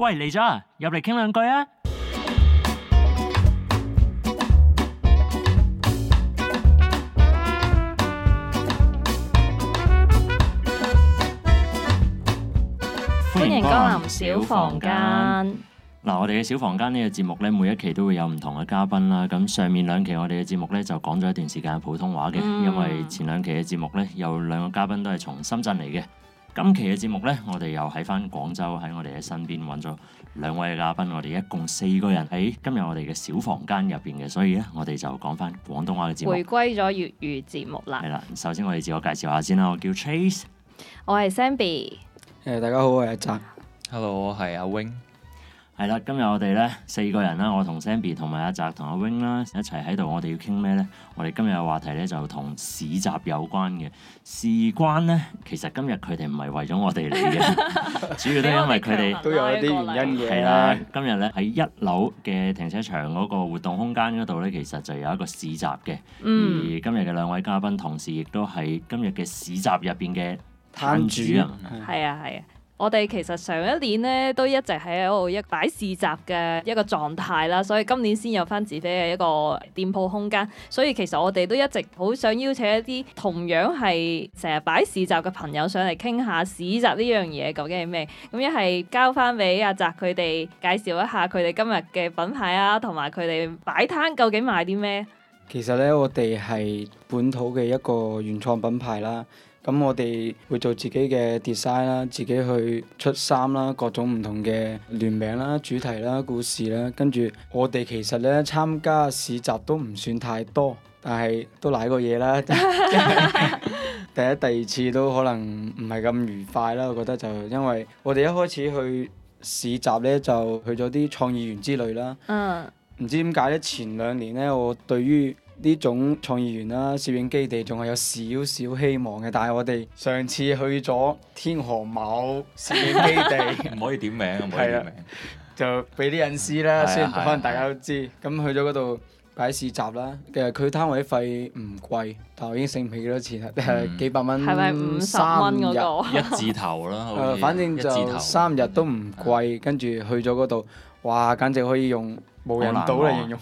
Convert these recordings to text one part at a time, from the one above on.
喂，嚟咗，入嚟傾兩句啊！歡迎光臨小房間。嗱、嗯，我哋嘅小房間呢個節目咧，每一期都會有唔同嘅嘉賓啦。咁上面兩期我哋嘅節目咧，就講咗一段時間普通話嘅，嗯、因為前兩期嘅節目咧，有兩個嘉賓都係從深圳嚟嘅。今期嘅節目咧，我哋又喺翻廣州，喺我哋嘅身邊揾咗兩位嘉賓，我哋一共四個人喺今日我哋嘅小房間入邊嘅，所以咧我哋就講翻廣東話嘅節目。回歸咗粵語節目啦。係啦，首先我哋自我介紹下先啦，我叫 Chase，我係 s a m b y 誒，大家好，我係阿澤，Hello，我係阿 wing。係啦，今日我哋咧四個人啦，我同 Sammy 同埋阿澤同阿 Wing 啦一齊喺度。我哋要傾咩咧？我哋今日嘅話題咧就同市集有關嘅。事關咧，其實今日佢哋唔係為咗我哋嚟嘅， 主要都係因為佢哋 們都有一啲原因嘅。係啦、嗯，今日咧喺一樓嘅停車場嗰個活動空間嗰度咧，其實就有一個市集嘅。而今日嘅兩位嘉賓同時亦都係今日嘅市集入邊嘅攤主啊，係啊係啊。我哋其實上一年咧都一直喺度一擺市集嘅一個狀態啦，所以今年先有翻自己嘅一個店鋪空間。所以其實我哋都一直好想邀請一啲同樣係成日擺市集嘅朋友上嚟傾下市集呢樣嘢究竟係咩？咁一係交翻俾阿澤佢哋介紹一下佢哋今日嘅品牌啊，同埋佢哋擺攤究竟賣啲咩？其實咧，我哋係本土嘅一個原創品牌啦。咁、嗯、我哋會做自己嘅 design 啦，自己去出衫啦，各種唔同嘅聯名啦、主題啦、故事啦，跟住我哋其實咧參加市集都唔算太多，但係都舐過嘢啦。 第一第二次都可能唔係咁愉快啦，我覺得就因為我哋一開始去市集咧，就去咗啲創意園之類啦。唔、嗯、知點解咧？前兩年咧，我對於呢種創意園啦、攝影基地，仲係有少少希望嘅。但係我哋上次去咗天河某攝影基地，唔 可以點名，唔可以點名 就俾啲隱私啦，雖然可能大家都知。咁去咗嗰度擺市集啦。其實佢攤位費唔貴，但我已經剩唔起幾多錢，係、嗯、幾百蚊、嗰度。係咪五十蚊一字頭啦，反正就三日都唔貴。跟住對去咗嗰度，哇！簡直可以用無人島嚟形容。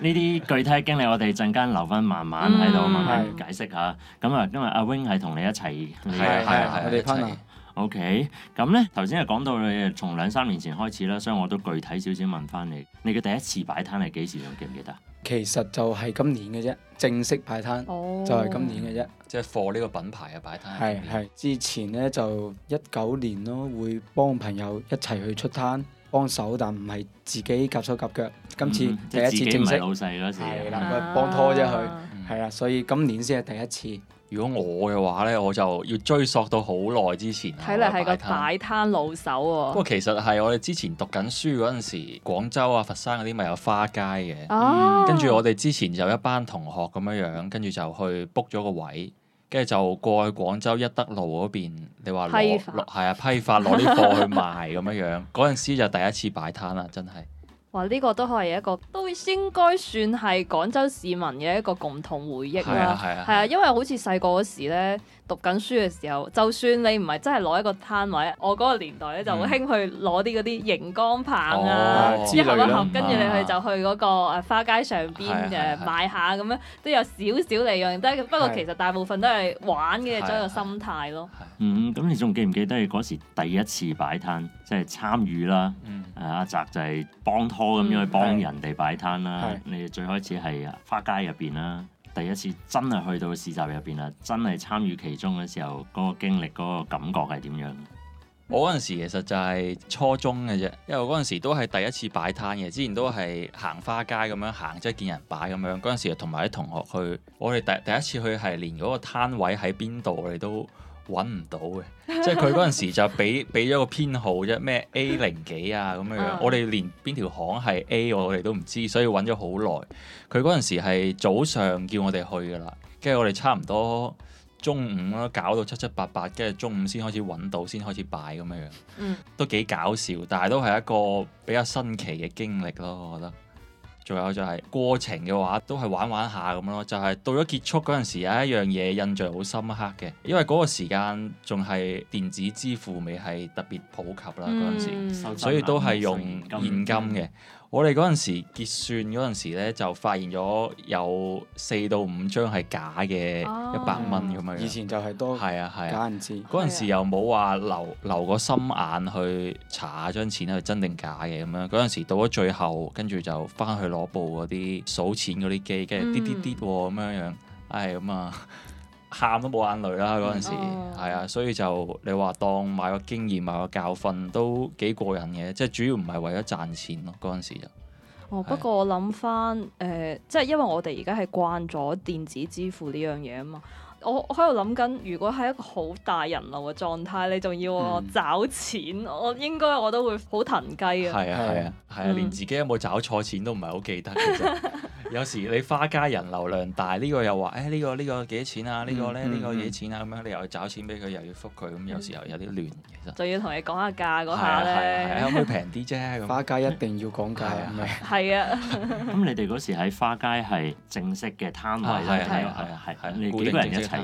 呢啲具體經歷，我哋陣間留翻慢慢喺度、嗯、慢慢解釋下。咁啊的，今日阿 Wing 係同你一,一齊，係係係一齊。OK，咁咧頭先係講到你從兩三年前開始啦，所以我都具體少少問翻你，你嘅第一次擺攤係幾時？仲記唔記得？其實就係今年嘅啫，正式擺攤、oh, 就係今年嘅啫，即係貨呢個品牌嘅擺攤。係係，之前咧就一九年咯，會幫朋友一齊去出攤幫手，但唔係自己夾手夾腳。今次、嗯、第一次正式，係啦，的嗯、幫拖啫佢，係啊、嗯，所以今年先係第一次。如果我嘅話咧，我就要追溯到好耐之前。睇嚟係個擺攤，擺攤老手喎、哦。不過其實係我哋之前讀緊書嗰陣時，廣州啊、佛山嗰啲咪有花街嘅。跟住、啊、我哋之前就一班同學咁樣樣，跟住就去 book 咗個位，跟住就過去廣州一德路嗰邊。你話攞係啊批發攞啲、嗯、貨去賣咁樣樣，嗰陣 時就第一次擺攤啦，真係。話呢個都係一個，都應該算係廣州市民嘅一個共同回憶啦。係啊，係啊，係啊，因為好似細個嗰時咧。讀緊書嘅時候，就算你唔係真係攞一個攤位，我嗰個年代咧就會興去攞啲嗰啲熒光棒啊，哦、一盒一盒，是啊、跟住你去就去嗰個花街上邊嘅買下咁樣，都有少少利用。都不過其實大部分都係玩嘅，一個心態咯。嗯，咁你仲記唔記得你嗰時第一次擺攤即係、就是、參與啦的、啊？阿澤就係幫拖咁樣去幫人哋擺攤啦。的你最開始係花街入邊啦，第一次真係去到市集入邊啦，真係參與其中嘅時候，嗰、嗰個經歷、嗰個感覺係點樣？我嗰陣時其實就係初中嘅啫，因為嗰陣時都係第一次擺攤嘅，之前都係行花街咁樣行，即係見人擺咁樣。嗰陣時同埋啲同學去，我哋第第一次去係連嗰個攤位喺邊度，我哋都，揾唔到嘅，即係佢嗰陣時就俾俾咗個編號啫，咩 A 零幾啊咁樣樣。 我哋連邊條行係 A，我哋都唔知，所以揾咗好耐。佢嗰陣時係早上叫我哋去噶啦，跟住我哋差唔多中午啦，搞到七七八八，跟住中午先開始揾到，先開始擺咁樣樣。都幾搞笑，但係都係一個比較新奇嘅經歷咯，我覺得。仲有就係過程嘅話，都係玩玩下咁咯。就係到咗結束嗰陣時，有一樣嘢印象好深刻嘅，因為嗰個時間仲係電子支付未係特別普及啦嗰陣時，所以都係用現金嘅。我哋嗰陣時結算嗰陣時咧，就發現咗有四到五張係假嘅一百蚊咁樣。以前就係多，係啊係啊，嗰陣、啊啊、時又冇話留留個心眼去查下張錢係真定假嘅咁樣。嗰陣時到咗最後，跟住就翻去攞部嗰啲數錢嗰啲機，跟住滴滴滴咁樣樣，唉，咁啊～ 喊都冇眼淚啦嗰陣時，係啊、嗯，所以就你話當買個經驗買個教訓都幾過癮嘅，即係主要唔係為咗賺錢咯嗰陣時就。哦，的不過我諗翻誒，即係因為我哋而家係慣咗電子支付呢樣嘢啊嘛。我我喺度諗緊，如果係一個好大人流嘅狀態，你仲要我找錢，我應該我都會好騰雞嘅。係啊係啊係啊！連自己有冇找錯錢都唔係好記得。其實有時你花街人流量大，呢個又話，誒呢個呢個幾多錢啊？呢個咧呢個幾多錢啊？咁樣你又找錢俾佢，又要覆佢，咁有時候有啲亂。其實就要同你講下價嗰下咧，可唔可以平啲啫。花街一定要講價。係啊。咁你哋嗰時喺花街係正式嘅攤位，係係係係，你幾個人一？係，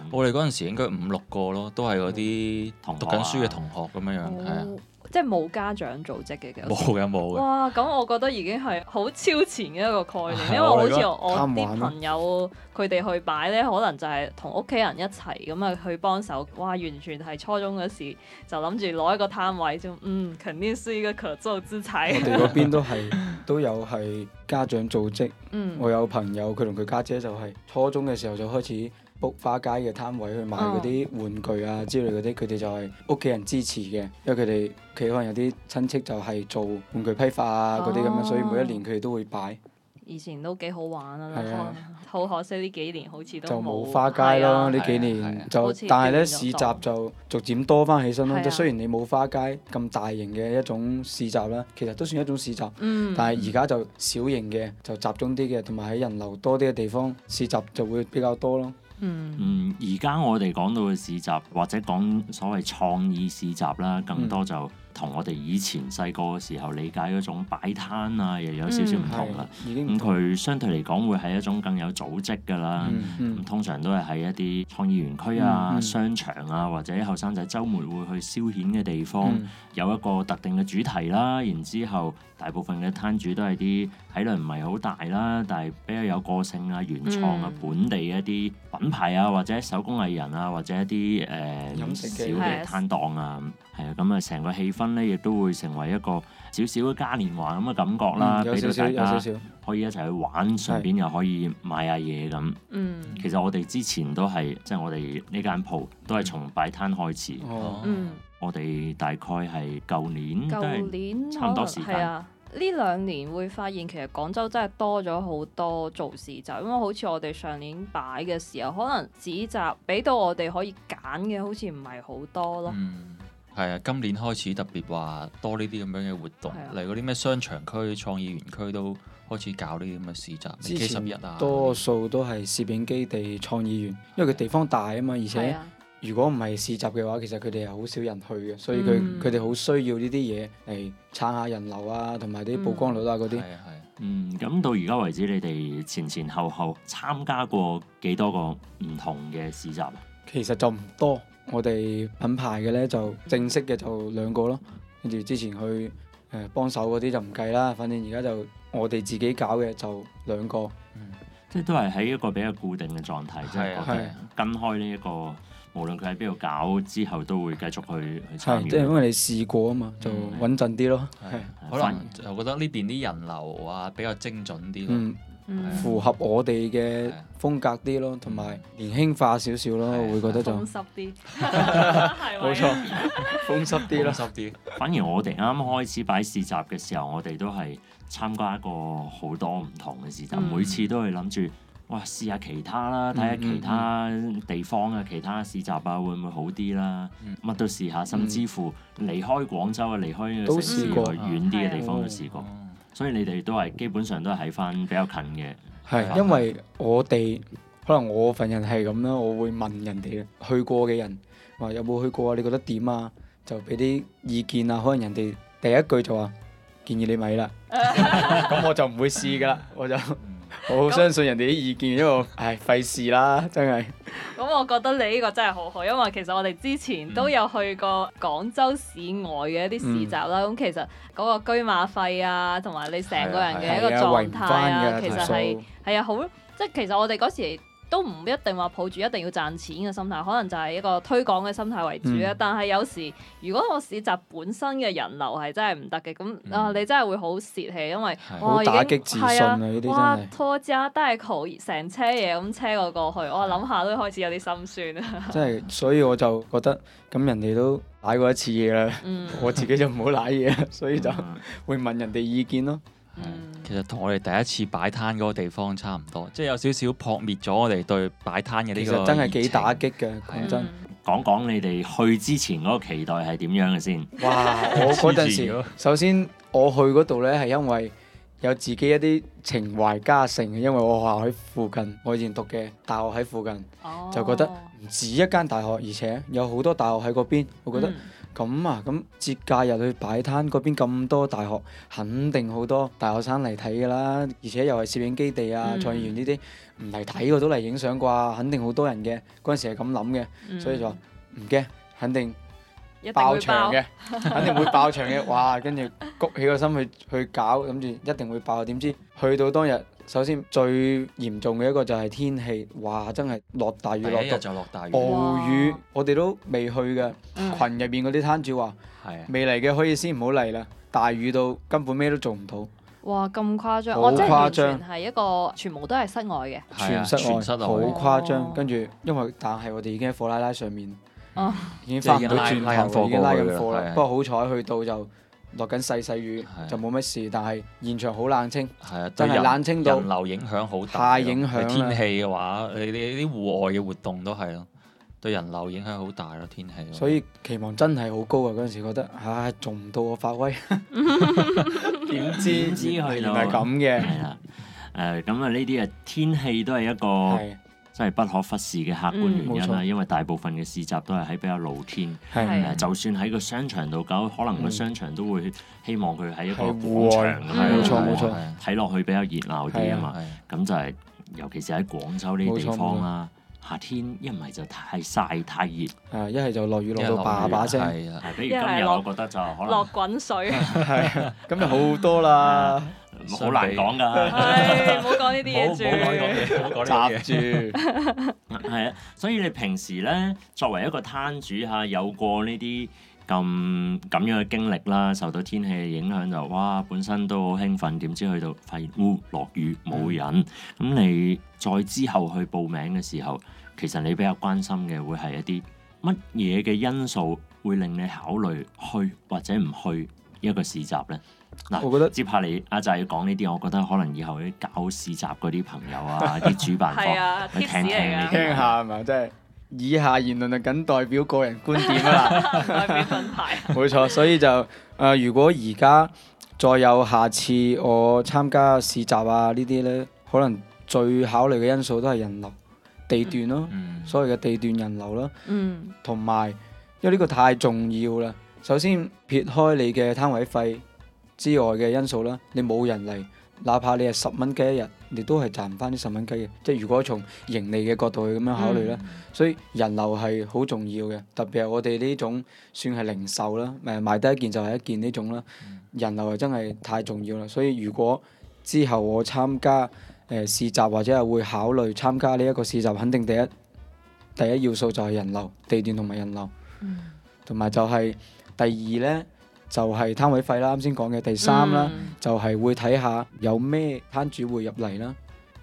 嗯、我哋嗰陣時應該五六個咯，都係嗰啲讀緊書嘅同學咁樣樣，係啊，的哦、即係冇家長組織嘅。冇嘅冇。有有哇，咁我覺得已經係好超前嘅一個概念，哎、呀因為好似我啲朋友佢哋去擺咧，可能就係同屋企人一齊咁啊去幫手。哇，完全係初中嗰時就諗住攞一個攤位啫，嗯，肯定是一個可造之材。 我嗰邊都係都有係家長組織，嗯、我有朋友佢同佢家姐就係初中嘅時候就開始。卜花街嘅攤位去賣嗰啲玩具啊之類嗰啲，佢哋、oh. 就係屋企人支持嘅，因為佢哋佢可能有啲親戚就係做玩具批發啊嗰啲咁樣，oh. 所以每一年佢哋都會擺。以前都幾好玩啊，好 可惜呢幾年好似都冇花街咯。呢、啊、幾年就，啊啊、但係咧、啊啊、市集就逐漸多返起身咯。即係、啊、雖然你冇花街咁大型嘅一種市集啦，其實都算一種市集。Mm. 但係而家就小型嘅就集中啲嘅，同埋喺人流多啲嘅地方市集就會比較多咯。嗯，而家我哋講到嘅市集或者講所謂創意市集啦，更多就同我哋以前細個嘅時候理解嗰種擺攤啊，又有少少唔同啦。咁佢、嗯、相對嚟講會係一種更有組織嘅啦。咁、嗯嗯、通常都係喺一啲創意園區啊、嗯嗯、商場啊，或者後生仔週末會去消遣嘅地方，嗯、有一個特定嘅主題啦。然之後，大部分嘅攤主都係啲體量唔係好大啦，但係比較有個性啊、原創啊、嗯、本地一啲品牌啊，或者手工藝人啊，或者一啲誒、呃、飲食小嘅攤檔啊，係啊是，咁啊成個氣氛咧，亦都會成為一個少少嘅嘉年華咁嘅感覺啦，俾到、嗯、大家可以一齊去玩，順便又可以買下嘢咁。是嗯，其實我哋之前都係即係我哋呢間鋪都係從擺攤開始。嗯哦嗯我哋大概係舊年，舊年差唔多可能時間，係啊。呢兩年會發現其實廣州真係多咗好多做市集，因為好似我哋上年擺嘅時候，可能市集俾到我哋可以揀嘅好似唔係好多咯。嗯，係啊，今年開始特別話多呢啲咁樣嘅活動嚟，嗰啲咩商場區、創意園區都開始搞呢啲咁嘅市集。之前十一啊，多數都係攝影基地創、創意園，因為佢地方大啊嘛，而且、啊。如果唔係市集嘅話，其實佢哋係好少人去嘅，所以佢佢哋好需要呢啲嘢嚟撐下人流啊，同埋啲曝光率啊嗰啲。嗯，咁些、嗯、到而家為止，你哋前前後後參加過幾多個唔同嘅市集？其實就唔多，我哋品牌嘅呢，就正式嘅就兩個咯。跟住之前去誒幫手嗰啲就唔計啦。反正而家就我哋自己搞嘅就兩個。兩個嗯、即係都係喺一個比較固定嘅狀態，即係是我哋跟開呢一個。無論佢喺邊度搞，之後都會繼續去去參與。即係因為你試過啊嘛，就穩陣啲咯。可能就覺得呢邊啲人流啊比較精準啲。嗯，符合我哋嘅風格啲咯，同埋年輕化少少咯，會覺得就風濕啲。冇錯，風濕啲咯。風濕啲。反而我哋啱啱開始擺市集嘅時候，我哋都係參加一個好多唔同嘅市集，每次都係諗住。哇！試下其他啦，睇下其他地方啊，嗯嗯、其他市集啊，會唔會好啲啦？乜、嗯、都試下，甚至乎離開廣州啊，離開呢個城市，遠啲嘅地方都試過。啊、所以你哋都係基本上都係喺翻比較近嘅。係，因為我哋可能我份人係咁啦，我會問人哋去過嘅人話有冇去過啊？你覺得點啊？就俾啲意見啊。可能人哋第一句就話建議你咪啦，咁我就唔會試噶啦，我就。 我好相信人哋啲意見， 因為唉，費事啦，真係。咁 我覺得你呢個真係好好，因為其實我哋之前都有去過廣州市外嘅一啲市集啦。咁、嗯嗯、其實嗰個居馬肺啊，同埋你成個人嘅一個狀態啊，啊啊啊啊其實係係數啊，好即係其實我哋嗰時。都唔一定話抱住一定要賺錢嘅心態，可能就係一個推廣嘅心態為主啦。嗯、但係有時如果我市集本身嘅人流係真係唔得嘅，咁啊你真係會好泄氣，因為我是的 已經係啊，呀哇拖住都大嚿成車嘢咁車過過去， vote, 我諗下都開始有啲心酸啊。真係，所以我就覺得咁人哋都攋過一次嘢啦，嗯、我自己就唔好攋嘢，所以就會問 人哋意見咯。嗯、其實同我哋第一次擺攤嗰個地方差唔多，即、就、係、是、有少少撲滅咗我哋對擺攤嘅呢個。其實真係幾打擊嘅，講真。講講、嗯、你哋去之前嗰個期待係點樣嘅先？哇！我嗰陣時， 首先我去嗰度呢，係因為有自己一啲情懷加成，因為我學校喺附近，我以前讀嘅大學喺附近，哦、就覺得唔止一間大學，而且有好多大學喺嗰邊，我覺得、嗯。咁啊，咁節假日去擺攤，嗰邊咁多大學，肯定好多大學生嚟睇㗎啦。而且又係攝影基地啊、嗯、創意園呢啲唔嚟睇嘅都嚟影相啩，肯定好多人嘅。嗰陣時係咁諗嘅，嗯、所以就唔驚，肯定爆場嘅，定 肯定會爆場嘅。哇！跟住谷起個心去去搞，諗住一定會爆。點知去到當日。首先最嚴重嘅一個就係天氣，哇！真係落大雨，落大雨，暴雨，我哋都未去嘅群入面嗰啲攤主話：未嚟嘅可以先唔好嚟啦，大雨到根本咩都做唔到。哇！咁誇張，我真係完全係一個全部都係室外嘅，全室外，好誇張。跟住因為但係我哋已經喺貨拉拉上面，已經返唔到轉頭，已經拉緊貨啦。不過好彩去到就，落緊細細雨、啊、就冇乜事，但係現場好冷清，係啊，真係冷清到人流影響好大，太影響天氣嘅話，你你啲戶外嘅活動都係咯，對人流影響好大咯，天氣。所以期望真係好高啊！嗰陣時覺得，唉、啊，仲唔到我發威？點 知知道佢？原來係咁嘅。係啦，誒咁啊，呢啲啊天氣都係一個。都係不可忽視嘅客觀原因啦，因為大部分嘅市集都係喺比較露天，係就算喺個商場度搞，可能個商場都會希望佢喺一個廣場咁樣，冇錯冇錯，睇落去比較熱鬧啲啊嘛。咁就係，尤其是喺廣州呢啲地方啦，夏天一唔係就太曬太熱，一係就落雨落到叭叭聲，係比如今日我覺得就可能，落滾水，係咁就好多啦。好難講㗎，唔好講呢啲嘢住，係啊，所以你平時呢，作為一個攤主嚇，有過呢啲咁咁樣嘅經歷啦，受到天氣嘅影響就，哇，本身都好興奮，點知去到發現，唔落雨冇人，咁你再之後去報名嘅時候，其實你比較關心嘅會係一啲乜嘢嘅因素會令你考慮去或者唔去一個市集呢？嗱，我覺得接下嚟，阿、就、仔、是、講呢啲，我覺得可能以後啲搞市集嗰啲朋友啊，啲 主辦方、 啊、去聽下，呢啲，聽下係嘛，即係以下言論就僅代表個人觀點啦， 代表品牌冇錯。所以就誒、呃，如果而家再有下次我參加市集啊呢啲呢，可能最考慮嘅因素都係人流地段咯，嗯嗯、所謂嘅地段人流啦，同埋、嗯、因為呢個太重要啦。首先撇開你嘅攤位費。之外嘅因素啦，你冇人嚟，哪怕你係十蚊雞一日，你都係賺唔翻啲十蚊雞嘅。即係如果從盈利嘅角度去咁樣考慮啦，嗯、所以人流係好重要嘅。特別係我哋呢種算係零售啦，咪賣得一件就係一件呢種啦，嗯、人流係真係太重要啦。所以如果之後我參加誒市集或者係會考慮參加呢一個市集，肯定第一第一要素就係人流、地段同埋人流，同埋、嗯、就係第二咧。就係攤位費啦，啱先講嘅第三啦，嗯、就係會睇下有咩攤主會入嚟啦，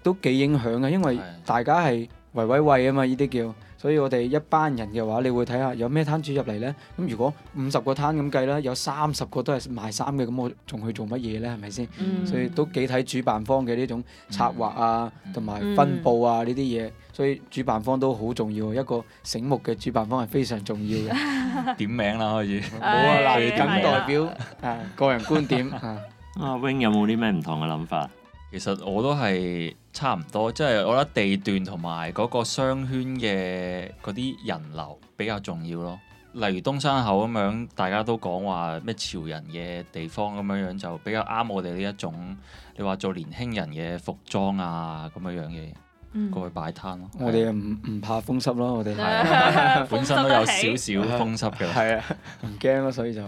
都幾影響嘅，因為大家係圍圍喂啊嘛，呢啲叫，所以我哋一班人嘅話，你會睇下有咩攤主入嚟呢。咁如果五十個攤咁計啦，有三十個都係賣衫嘅，咁我仲去做乜嘢呢？係咪先？嗯、所以都幾睇主辦方嘅呢種策劃啊，同埋、嗯、分佈啊呢啲嘢。嗯所以主辦方都好重要，一個醒目嘅主辦方係非常重要嘅。 點名啦，開始。好啊，嗱，僅代表 個人觀點。阿 Wing、 啊、有冇啲咩唔同嘅諗法？ 其實我都係差唔多，即係我覺得地段同埋嗰個商圈嘅嗰啲人流比較重要咯。例如東山口咁樣，大家都講話咩潮人嘅地方咁樣樣，就比較啱我哋呢一種。你話做年輕人嘅服裝啊，咁樣樣嘅。過去擺攤咯，我哋又唔唔怕風濕咯，我哋係本身都有少少風濕嘅，係 啊，唔驚咯，所以就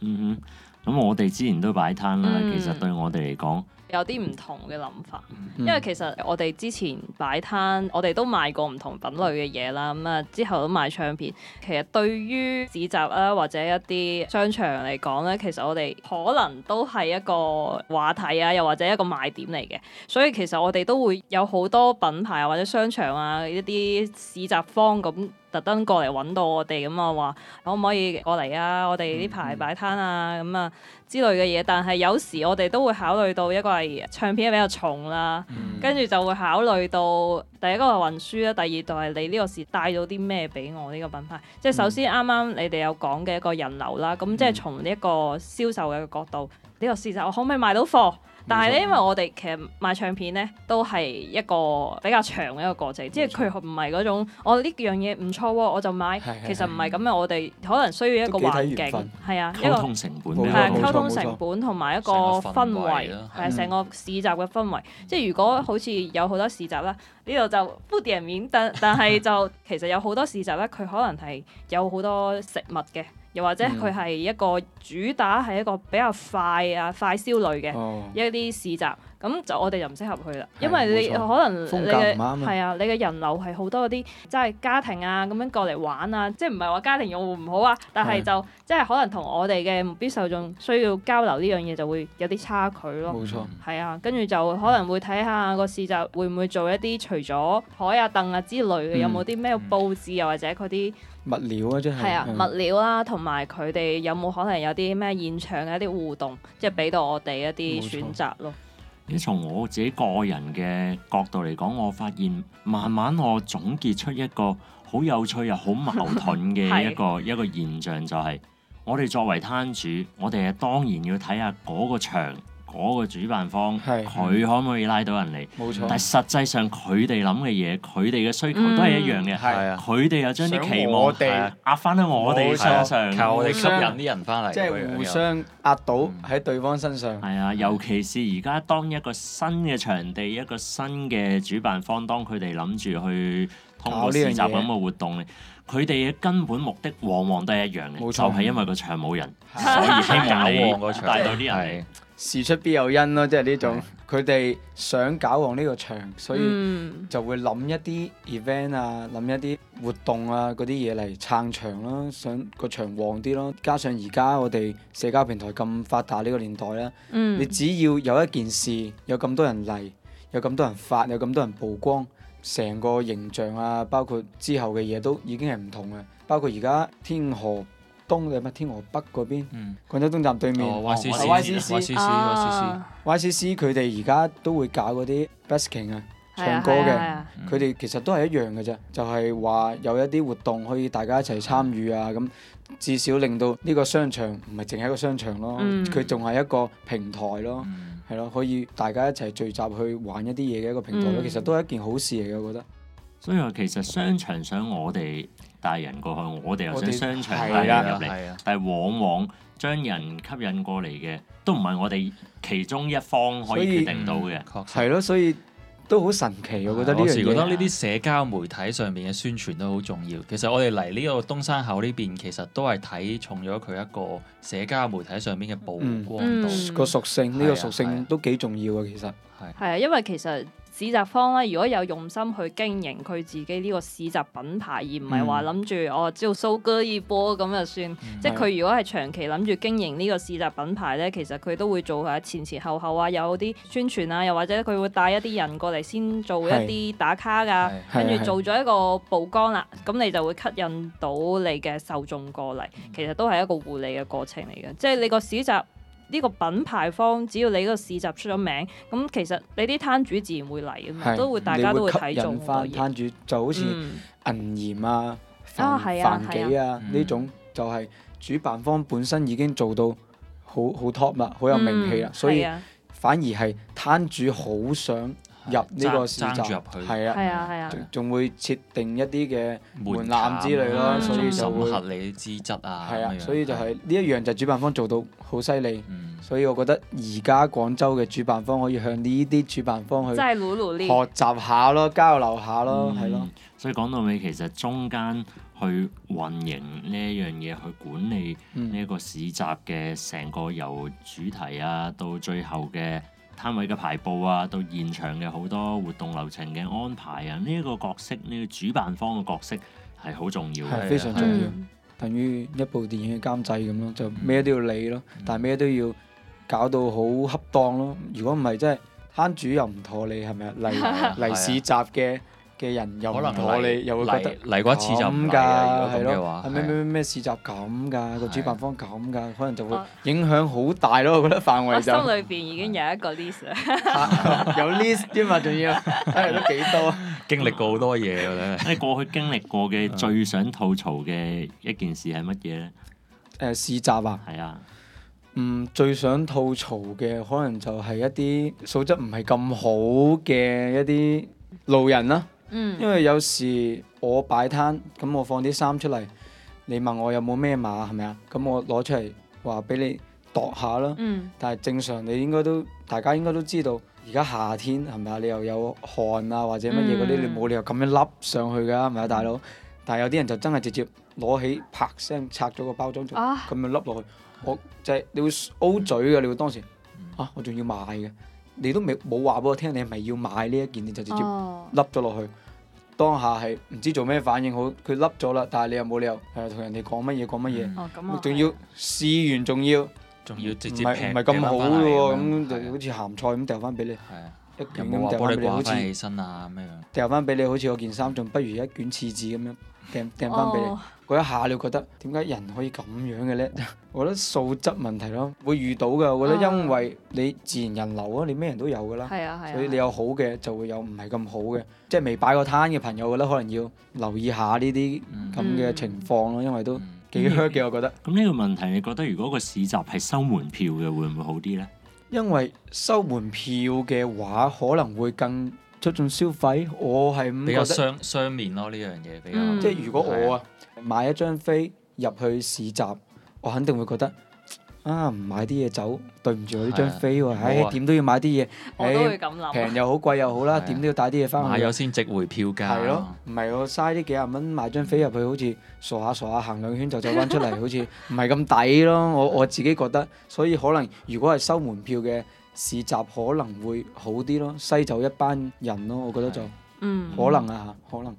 嗯嗯，咁 我哋之前都擺攤啦， 其實對我哋嚟講，有啲唔同嘅諗法，因為其實我哋之前擺攤，我哋都賣過唔同品類嘅嘢啦。咁啊，之後都賣唱片。其實對於市集啊，或者一啲商場嚟講咧，其實我哋可能都係一個話題啊，又或者一個賣點嚟嘅。所以其實我哋都會有好多品牌、啊、或者商場啊，一啲市集方咁、啊、特登過嚟揾到我哋咁啊，話可唔可以過嚟啊？我哋呢排擺攤啊，咁、嗯、啊。之類嘅嘢，但係有時我哋都會考慮到一個係唱片比較重啦，跟住、嗯、就會考慮到第一個係運輸啦，第二度係你呢個市帶到啲咩俾我呢、呢個品牌？即係首先啱啱你哋有講嘅一個人流啦，咁、嗯、即係從呢一個銷售嘅角度，呢、嗯、個事其實我可唔可以賣到貨？但係咧，因為我哋其實賣唱片咧，都係一個比較長嘅一個過程，錯即係佢唔係嗰種，我呢樣嘢唔錯喎，我就買。的其實唔係咁嘅，我哋可能需要一個環境，係啊，一個的溝通成本，錯對溝通成本同埋錯一個氛圍，係成個,個市集嘅氛圍。嗯、即係如果好似有好多市集啦，呢度就鋪碟面， 但但係就其實有好多市集咧，佢可能係有好多食物嘅。又或者佢係一個主打係一個比較快啊快消類嘅一啲市集。咁就我哋就唔適合去啦，是因為你可能你係啊，啊，你嘅人流係好多啲即係家庭啊咁樣過嚟玩啊，即係唔係話家庭用戶唔好啊？但係就是即係可能同我哋嘅目標受眾需要交流呢樣嘢，就會有啲差距咯。冇錯，係啊，跟住就可能會睇下個市集就會唔會做一啲除咗枱啊凳啊之類嘅，嗯、有冇啲咩佈置，又、嗯、或者嗰啲物料啊，即係係啊物料啦、啊，同埋佢哋有冇可能有啲咩現場嘅一啲互動，即係俾到我哋一啲選擇咯。你從我自己個人嘅角度嚟講，我發現慢慢我總結出一個好有趣又好矛盾嘅一個， 是一個，一個現象，就係，就係我哋作為攤主，我哋係當然要睇下嗰個場。我個主辦方佢可唔可以拉到人嚟？冇錯。但係實際上佢哋諗嘅嘢，佢哋嘅需求都係一樣嘅。係佢哋又將啲期望壓翻喺我哋身上，吸引啲人翻嚟。即係互相壓到喺對方身上。係啊，尤其是而家當一個新嘅場地，一個新嘅主辦方，當佢哋諗住去通過市集咁嘅活動，佢哋嘅根本目的往往都係一樣嘅，就係因為個場冇人，所以希望帶到啲人嚟。事出必有因咯，即係呢種，佢哋 Yes. 想搞旺呢個場，所以、mm. 就會諗一啲 event 啊，諗一啲活動啊嗰啲嘢嚟撐場咯，想，啊、咯想個場旺啲咯。加上而家我哋社交平台咁發達呢個年代啦，mm. 你只要有一件事有咁多人嚟，有咁多人發，有咁多人曝光，成個形象啊，包括之後嘅嘢都已經係唔同嘅。包括而家天河。東定乜天河北嗰邊，廣州東站對面。Y C C 啊，Y C C 佢哋而家都會搞嗰啲 busking 啊，唱歌嘅，佢哋其實都係一樣嘅啫，就係話有一啲活動可以大家一齊參與啊，咁至少令到呢個商場唔係淨係一個商場咯，佢仲係一個平台咯，係咯，可以大家一齊聚集去玩一啲嘢嘅一個平台咯，其實都係一件好事嚟嘅，我覺得。所以話其實商場想我哋帶人過去，我哋又想商場帶人入嚟，但係往往將人吸引過嚟嘅都唔係我哋其中一方可以決定到嘅，係咯、嗯，所以都好神奇。的我覺得呢樣嘢，我覺得呢啲社交媒體上面嘅宣傳都好重要。其實我哋嚟呢個東山口呢邊，其實都係睇重咗佢一個社交媒體上面嘅曝光度、嗯嗯個屬性的，呢個屬性都幾重要啊。其實係係啊，因為其實。市集方咧，如果有用心去經營佢自己呢個市集品牌，而唔係話諗住哦，照收嗰啲波咁就算。即係佢如果係長期諗住經營呢個市集品牌咧，其實佢都會做下前前後後啊，有啲宣傳啊，又或者佢會帶一啲人過嚟先做一啲打卡㗎，跟住做咗一個曝光啦，咁你就會吸引到你嘅受眾過嚟。其實都係一個護理嘅過程嚟嘅，即係你個市集。呢個品牌方，只要你嗰個市集出咗名，咁其實你啲攤主自然會嚟啊嘛，是都會大家都會睇中。人攤主就好似銀鹽啊、凡凡幾啊呢、啊啊、種，就係主辦方本身已經做到好好 top 啦，好有名氣啦，嗯、所以反而係攤主好想，入呢個市集，係啊係啊係啊，仲、啊、會設定一啲嘅門檻之類咯，啊、所以就會審核、嗯、你資質啊。係啊，樣所以就係呢一樣就係主辦方做到好犀利。嗯、所以我覺得而家廣州嘅主辦方可以向呢啲主辦方去再努努力學習下咯，交流下咯，係咯、嗯啊。所以講到尾，其實中間去運營呢一樣嘢，去管理呢個市集嘅成個由主題啊，到最後嘅。攤位嘅排布啊，到現場嘅好多活動流程嘅安排啊，呢、這、一個角色呢，這個、主辦方嘅角色係好重要嘅、啊，非常重要，的等於一部電影嘅監製咁咯，就咩都要理咯，嗯、但係咩都要搞到好恰當咯、啊。如果唔係，即係攤主又唔妥你係咪啊？嚟嚟市集嘅嘅人又唔嚟，又會覺得嚟過一次就唔嚟。咁噶，係咯？咩咩咩咩市集咁噶，個主辦方咁噶，可能就會影響好大咯。我覺得範圍就心裏邊已經有一個 list 啦。有 list 添嘛，仲要睇嚟都幾多，經歷過好多嘢嘅。你過去經歷過嘅最想吐槽嘅一件事係乜嘢咧？誒市集啊，係啊。嗯，最想吐槽嘅可能就係一啲素質唔係咁好嘅一啲路人啦。因為有時我擺攤，咁我放啲衫出嚟，你問我有冇咩碼係咪啊？咁我攞出嚟話俾你度下囉。嗯、但係正常你應該都，大家應該都知道，而家夏天係咪啊？你又有汗啊或者乜嘢嗰啲，你冇理由咁樣笠上去㗎，係咪啊，大佬？嗯、但係有啲人就真係直接攞起拍聲拆咗個包裝咁樣笠落去，啊、我就係、是、你會 O 嘴嘅，你會當時啊，我仲要買嘅。你都冇話俾我聽，你係咪要買呢一件？你就直接笠咗落去，當下係唔知做咩反應好，佢笠咗啦。但係你又冇理由同人哋講乜嘢講乜嘢，仲要試完仲要，仲要直接唔係咁好喎，咁就好似鹹菜咁掉翻俾你。係啊，一卷咁掉翻俾你，好似掛翻起身啊咩樣掉翻俾你，好似我件衫，仲不如一卷廁紙咁樣掟掟翻俾你。嗰一下你會覺得點解人可以咁樣嘅呢？ 我覺得素質問題咯，會遇到噶。我覺得因為你自然人流啊，你咩人都有噶啦，啊啊啊、所以你有好嘅就會有唔係咁好嘅，即係未擺過攤嘅朋友，我覺得可能要留意下呢啲咁嘅情況咯，嗯、因為都幾 hurt 嘅，嗯、我覺得。咁呢、嗯嗯、個問題，你覺得如果個市集係收門票嘅，會唔會好啲呢？因為收門票嘅話，可能會更促進消費。我係咁覺得比較雙，雙面咯、啊，呢樣嘢比較即係、嗯嗯、如果我啊。買一張飛入去市集，我肯定會覺得啊，唔買啲嘢走，對唔住我呢張飛喎，唉，點我 都要買啲嘢，唉、啊，平又好貴又好啦，點、啊、都要帶啲嘢翻去，有先值回票價。係咯、啊，唔係我嘥啲幾廿蚊買張飛入去，好似傻下、啊、傻下行兩圈就走翻出嚟， 好似唔係咁抵咯，我我自己覺得，所以可能如果係收門票嘅市集可能會好啲咯，篩走一班人咯，我覺得就，的嗯、可能啊吓，可能。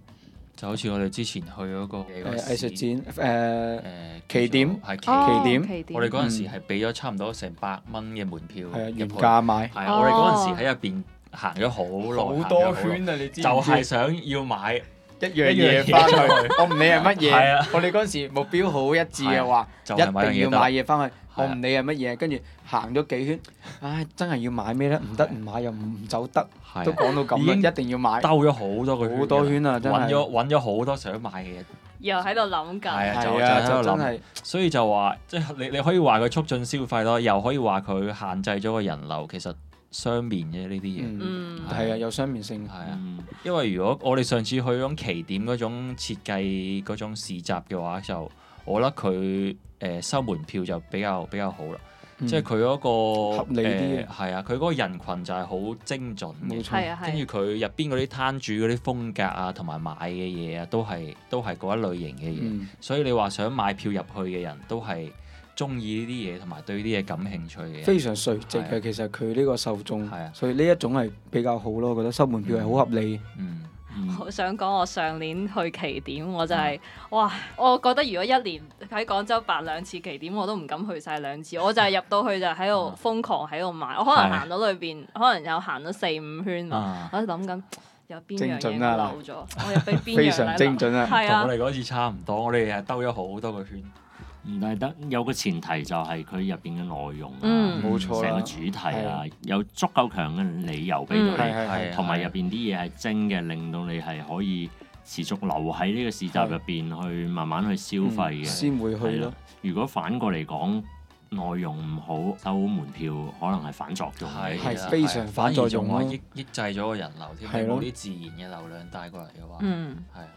就好似我哋之前去嗰個藝術展，誒誒奇點係奇點，我哋嗰陣時係俾咗差唔多成百蚊嘅門票入價買，係我哋嗰陣時喺入邊行咗好耐，好多圈啊！你知就係想要買一樣嘢翻去，我唔理係乜嘢。我哋嗰陣時目標好一致嘅話，就一定要買嘢翻去。啊、我唔理係乜嘢，跟住行咗幾圈，唉，真係要買咩咧？唔得唔買又唔走得，啊、都講到咁啦，一定要買，兜咗好多個圈，好多圈啊，揾咗揾咗好多想買嘅嘢，又喺度諗緊，係啊，啊真係，所以就話即係你你可以話佢促進消費咯，又可以話佢限制咗個人流，其實雙面嘅呢啲嘢，嗯，係啊，啊，有雙面性，係啊，啊因為如果我哋上次去嗰種旗點嗰種設計嗰種市集嘅話就。我覺得佢誒、呃、收門票就比較比較好啦，嗯、即係佢嗰個合理啲嘅，係啊，佢嗰個人群就係好精準，冇錯，跟住佢入邊嗰啲攤主嗰啲風格啊，同埋買嘅嘢啊，都係都係嗰一類型嘅嘢，嗯、所以你話想買票入去嘅人都係中意呢啲嘢，同埋對呢啲嘢感興趣嘅，非常垂直嘅。啊、其實佢呢個受眾啊。所以呢一種係比較好咯。我覺得收門票係好合理。嗯嗯。我想講，我上年去奇點，我就係、是嗯、哇！我覺得如果一年喺廣州辦兩次奇點，我都唔敢去晒兩次。我就係入到去就喺度瘋狂喺度買，嗯、我可能行到裏邊，嗯、可能又行咗四五圈，嗯、我喺度諗緊有邊樣嘢漏咗，我入飛邊樣，非常精準啊，同我哋嗰 啊啊、次差唔多，我哋係兜咗好多個圈。但係得有個前提就係佢入邊嘅內容啊，成個主題啊，有足夠強嘅理由俾到你，同埋入邊啲嘢係精嘅，令到你係可以持續留喺呢個市集入邊去慢慢去消費嘅。先會去咯。如果反過嚟講，內容唔好，收門票，可能係反作用嘅，係非常反作用咯。抑抑制咗個人流添，冇啲自然嘅流量帶過嚟嘅話，係啊。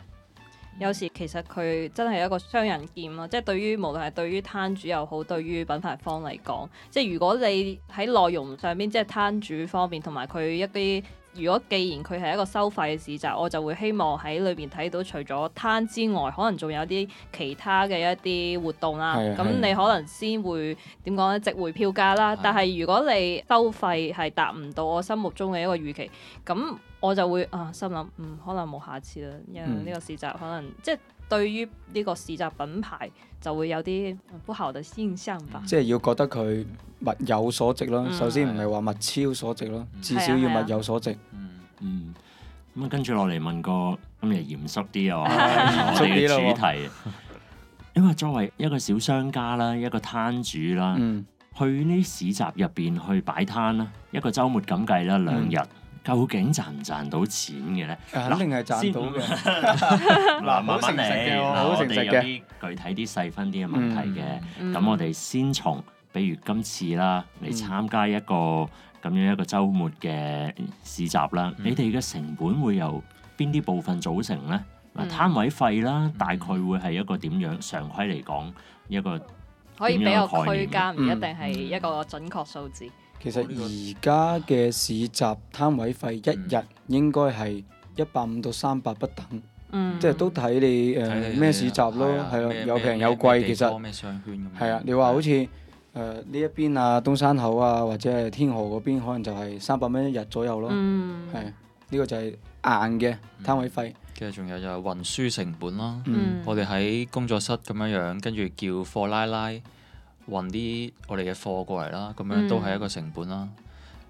有時其實佢真係一個雙刃劍咯，即係對於無論係對於攤主又好，對於品牌方嚟講，即係如果你喺內容上面，即係攤主方面同埋佢一啲。如果既然佢係一個收費嘅市集，我就會希望喺裏邊睇到除咗攤之外，可能仲有啲其他嘅一啲活動啦。咁是的 你可能先會點講呢？值回票價啦。是的 但係如果你收費係達唔到我心目中嘅一個預期，咁我就會啊心諗嗯，可能冇下次啦。因為呢個市集可能即係。對於呢個市集品牌就會有啲不好嘅現象吧。即係要覺得佢物有所值咯，首先唔係話物超所值咯，至少要物有所值。啊啊、嗯，咁、嗯、跟住落嚟問個今日嚴肅啲啊，呢個 主題。 因為作為一個小商家啦，一個攤主啦，嗯、去呢市集入邊去擺攤啦，一個週末咁計啦，兩日。嗯究竟賺唔賺到錢嘅咧？肯定係賺到嘅。嗱， 問問你，好，我哋有啲具體啲細分啲嘅問題嘅、嗯。咁我哋先從，比如今次啦，嚟參加一個咁、嗯、樣一個週末嘅市集啦。嗯、你哋嘅成本會由邊啲部分組成咧？嗱、嗯，攤位費啦，大概會係一個點樣？常規嚟講，一個可以比較區間，唔一定係一個準確數字。其實而家嘅市集攤位費一日應該係一百五到三百不等，即係都睇你誒咩市集咯，係啊，有平有貴其實，係啊，你話好似誒呢一邊啊東山口，啊或者係天河嗰邊可能就係三百蚊一日左右咯，係啊，呢個就係硬嘅攤位費。其實仲有就係運輸成本咯，我哋喺工作室咁樣樣跟住，叫貨拉拉，運啲我哋嘅貨過嚟啦，咁樣都係一個成本啦。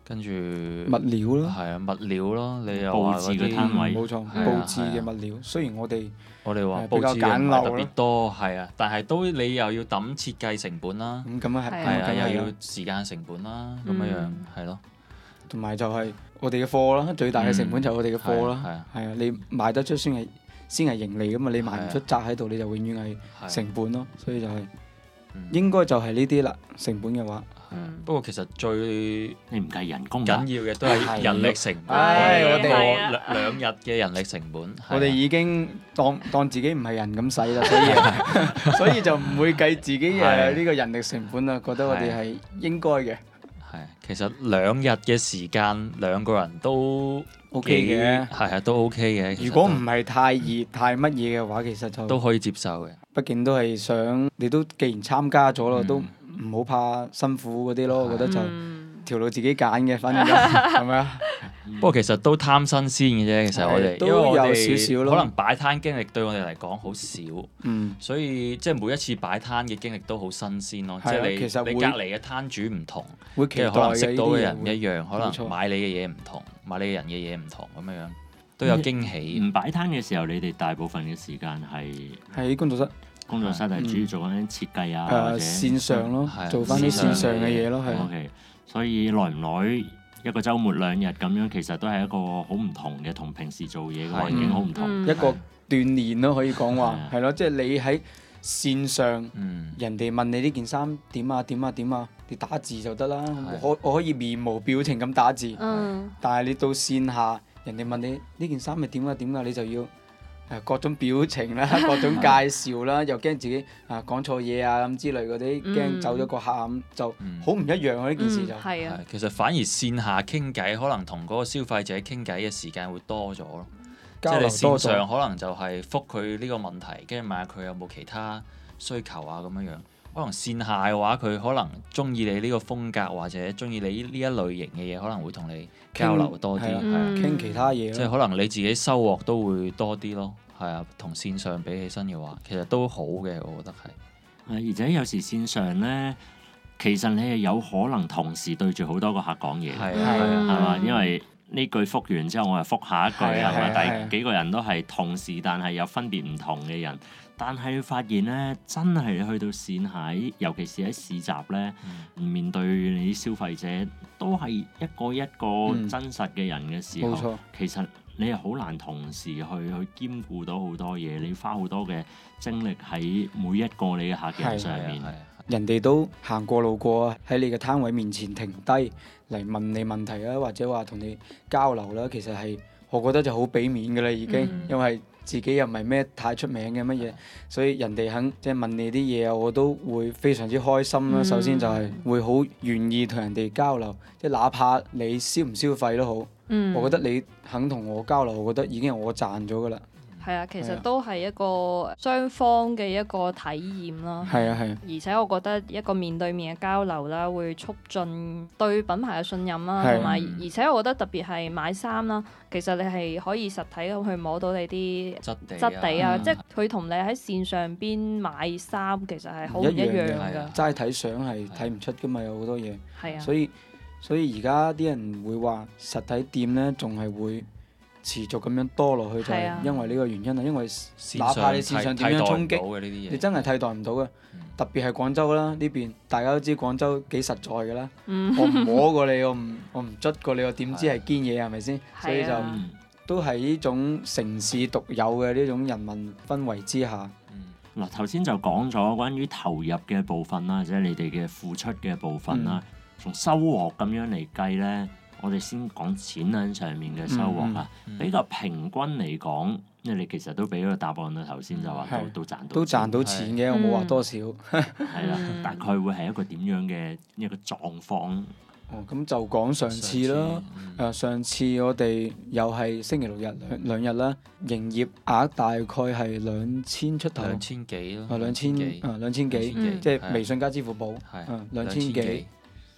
跟住物料咯，係啊，物料咯。你又布置嘅攤位冇錯布置嘅物料，雖然我哋我哋話布置簡陋咧，多係啊，但係都你又要揼設計成本啦。咁咁樣係，係啊，又要時間成本啦，咁樣樣係咯。同埋就係我哋嘅貨啦，最大嘅成本就係我哋嘅貨啦。係啊，係啊，你賣得出先係先係盈利㗎嘛？你賣唔出，紮喺度你就永遠係成本咯。所以就係。應該就係呢啲啦，成本嘅話。不過其實最你唔計人工緊要嘅都係人力成本。我哋兩日嘅人力成本。我哋已經當當自己唔係人咁使啦，所以所以就唔會計自己嘅呢個人力成本啦。覺得我哋係應該嘅。係其實兩日嘅時間，兩個人都 OK 嘅，係啊，都 OK 嘅。如果唔係太熱太乜嘢嘅話，其實就都可以接受嘅。畢竟都係想，你都既然參加咗咯，都唔好怕辛苦嗰啲咯。我覺得就條路自己揀嘅，反正係咪啊？不過其實都貪新鮮嘅啫。其實我哋都有少少。可能擺攤經歷對我哋嚟講好少，所以即係每一次擺攤嘅經歷都好新鮮咯。即係你你隔離嘅攤主唔同，會其實可能識到嘅人一樣，可能買你嘅嘢唔同，買你人嘅嘢唔同咁樣樣，都有驚喜。唔擺攤嘅時候，你哋大部分嘅時間係喺工作室。工作室就係主要做緊設計啊，誒線上咯，做翻啲線上嘅嘢咯，係。O K，所以耐唔耐一個週末兩日咁樣，其實都係一個好唔同嘅，同平時做嘢嘅環境好唔同。一個鍛鍊咯，可以講話，係咯，即係你喺線上，人哋問你呢件衫點啊點啊點啊，你打字就得啦。我我可以面無表情咁打字，但係你到線下，人哋問你呢件衫係點啊點啊，你就要。誒各種表情啦， 各種介紹啦， 又驚自己啊講錯嘢啊咁之類嗰啲，驚、嗯、走咗個客咁就好唔一樣啊！呢、嗯、件事就係、嗯、其實反而線下傾偈，可能同嗰個消費者傾偈嘅時間會多咗咯，多即係你線上可能就係覆佢呢個問題，跟住問下佢有冇其他需求啊咁樣樣。可能線下嘅話，佢可能中意你呢個風格，或者中意你呢一類型嘅嘢，可能會同你交流多啲，傾其他嘢。即係可能你自己收穫都會多啲咯。係啊，同線上比起身嘅話，其實都好嘅，我覺得係。誒，而且有時線上呢，其實你係有可能同時對住好多個客講嘢，係啊，係嘛？因為呢句覆完之後，我係覆下一句，係咪？第幾個人都係同時，但係有分別唔同嘅人。但係發現咧，真係去到線下，尤其是喺市集咧，嗯、面對你啲消費者，都係一個一個真實嘅人嘅時候，嗯、其實你係好難同時去去兼顧到好多嘢，你花好多嘅精力喺每一個你嘅客人上面。嗯嗯、人哋都行過路過喺你嘅攤位面前停低嚟問你問題啊，或者話同你交流啦，其實係我覺得就好俾面㗎喇，已經，嗯、因為。自己又唔係咩太出名嘅乜嘢，所以人哋肯即係問你啲嘢啊，我都會非常之開心啦。嗯、首先就係會好願意同人哋交流，即係哪怕你消唔消費都好，我覺得你肯同我交流，我覺得已經係我賺咗噶啦。係啊，其實都係一個雙方嘅一個體驗啦。係啊，係啊。而且我覺得一個面對面嘅交流啦，會促進對品牌嘅信任啦，同埋是、啊、而且我覺得特別係買衫啦，其實你係可以實體咁去摸到你啲質地質地啊，地啊嗯、即係佢同你喺線上邊買衫其實係好唔一樣㗎。齋睇相係睇唔出㗎嘛，有好多嘢。係是啊，所，所以所以而家啲人會話實體店咧，仲係會持續咁樣多落去，就係因為呢個原因啊！因為哪怕你市場點樣衝擊，你真係替代唔到嘅。嗯、特別係廣州啦，呢邊大家都知廣州幾實在嘅啦。嗯、我唔摸過你，我唔我唔捽過你，我點知係堅嘢係咪先？啊啊、所以就、嗯、都係呢種城市獨有嘅呢種人民氛圍之下。嗱、嗯，頭先就講咗關於投入嘅部分啦，或、就、者、是、你哋嘅付出嘅部分啦，嗯、從收穫咁樣嚟計呢。我哋先講錢喺上面嘅收穫啦，比較平均嚟講，因為你其實都俾咗個答案啦。頭先就話都都賺到，都賺到錢嘅，我冇話多少。係啦，大概會係一個點樣嘅一個狀況？哦，咁就講上次啦。誒，上次我哋又係星期六日兩日啦，營業額大概係兩千出頭，兩千幾咯，兩千啊兩千幾，即係微信加支付寶，兩千幾，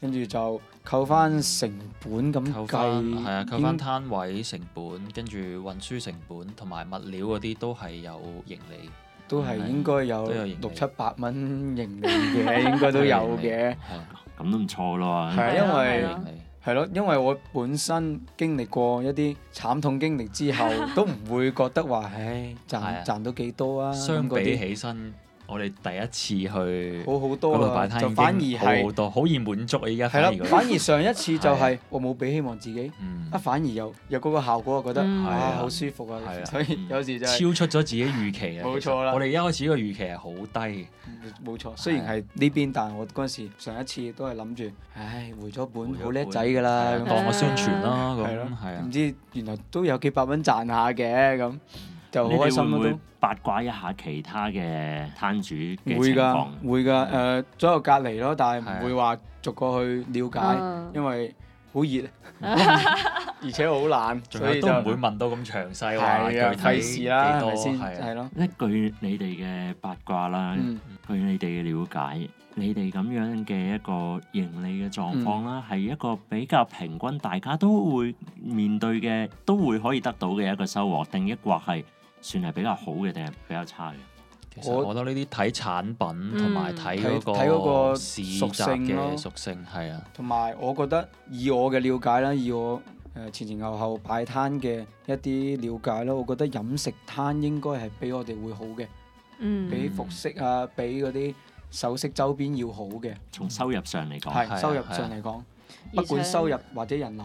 跟住就。扣翻成本咁計，係啊，扣翻攤位成本，跟住運輸成本同埋物料嗰啲都係有盈利，都係應該有六七百蚊盈利嘅，應該都有嘅。係咁都唔錯咯。係啊，因為係咯，因為我本身經歷過一啲慘痛經歷之後，都唔會覺得話唉賺賺到幾多啊？相比起身。我哋第一次去好好多啊，就反而係好多，好易滿足依家。係啦，反而上一次就係我冇俾希望自己，啊反而有有嗰個效果，我覺得哇好舒服啊！所以有時就超出咗自己預期啊！冇錯啦，我哋一開始呢個預期係好低，冇錯。雖然係呢邊，但我嗰陣時上一次都係諗住，唉回咗本好叻仔㗎啦，當我宣傳啦咁，係啊，唔知原來都有幾百蚊賺下嘅咁。就你開心咯，啊！會唔會八卦一下其他嘅攤主嘅情況？會噶，會噶。誒、呃、左右隔離咯，但係唔會話逐個去了解啊，因為好熱，而且好懶，所以都唔會問到咁詳細話具體事啦，係咪先？係咯，啊。是是啊啊啊，一句你哋嘅八卦啦，嗯，據你哋嘅了解，你哋咁樣嘅一個盈利嘅狀況啦，係、嗯嗯，一個比較平均，大家都會面對嘅，都會可以得到嘅一個收穫，定抑或係？算係比較好嘅定係比較差嘅？其實我覺得呢啲睇產品同埋睇嗰個屬性嘅屬性係啊。同埋我覺得以我嘅了解啦，以我誒前前後後擺攤嘅一啲了解啦，我覺得飲食攤應該係比我哋會好嘅，嗯、比服飾啊，比嗰啲首飾周邊要好嘅。嗯、從收入上嚟講，係收入上嚟講，啊啊啊、不管收入或者人流。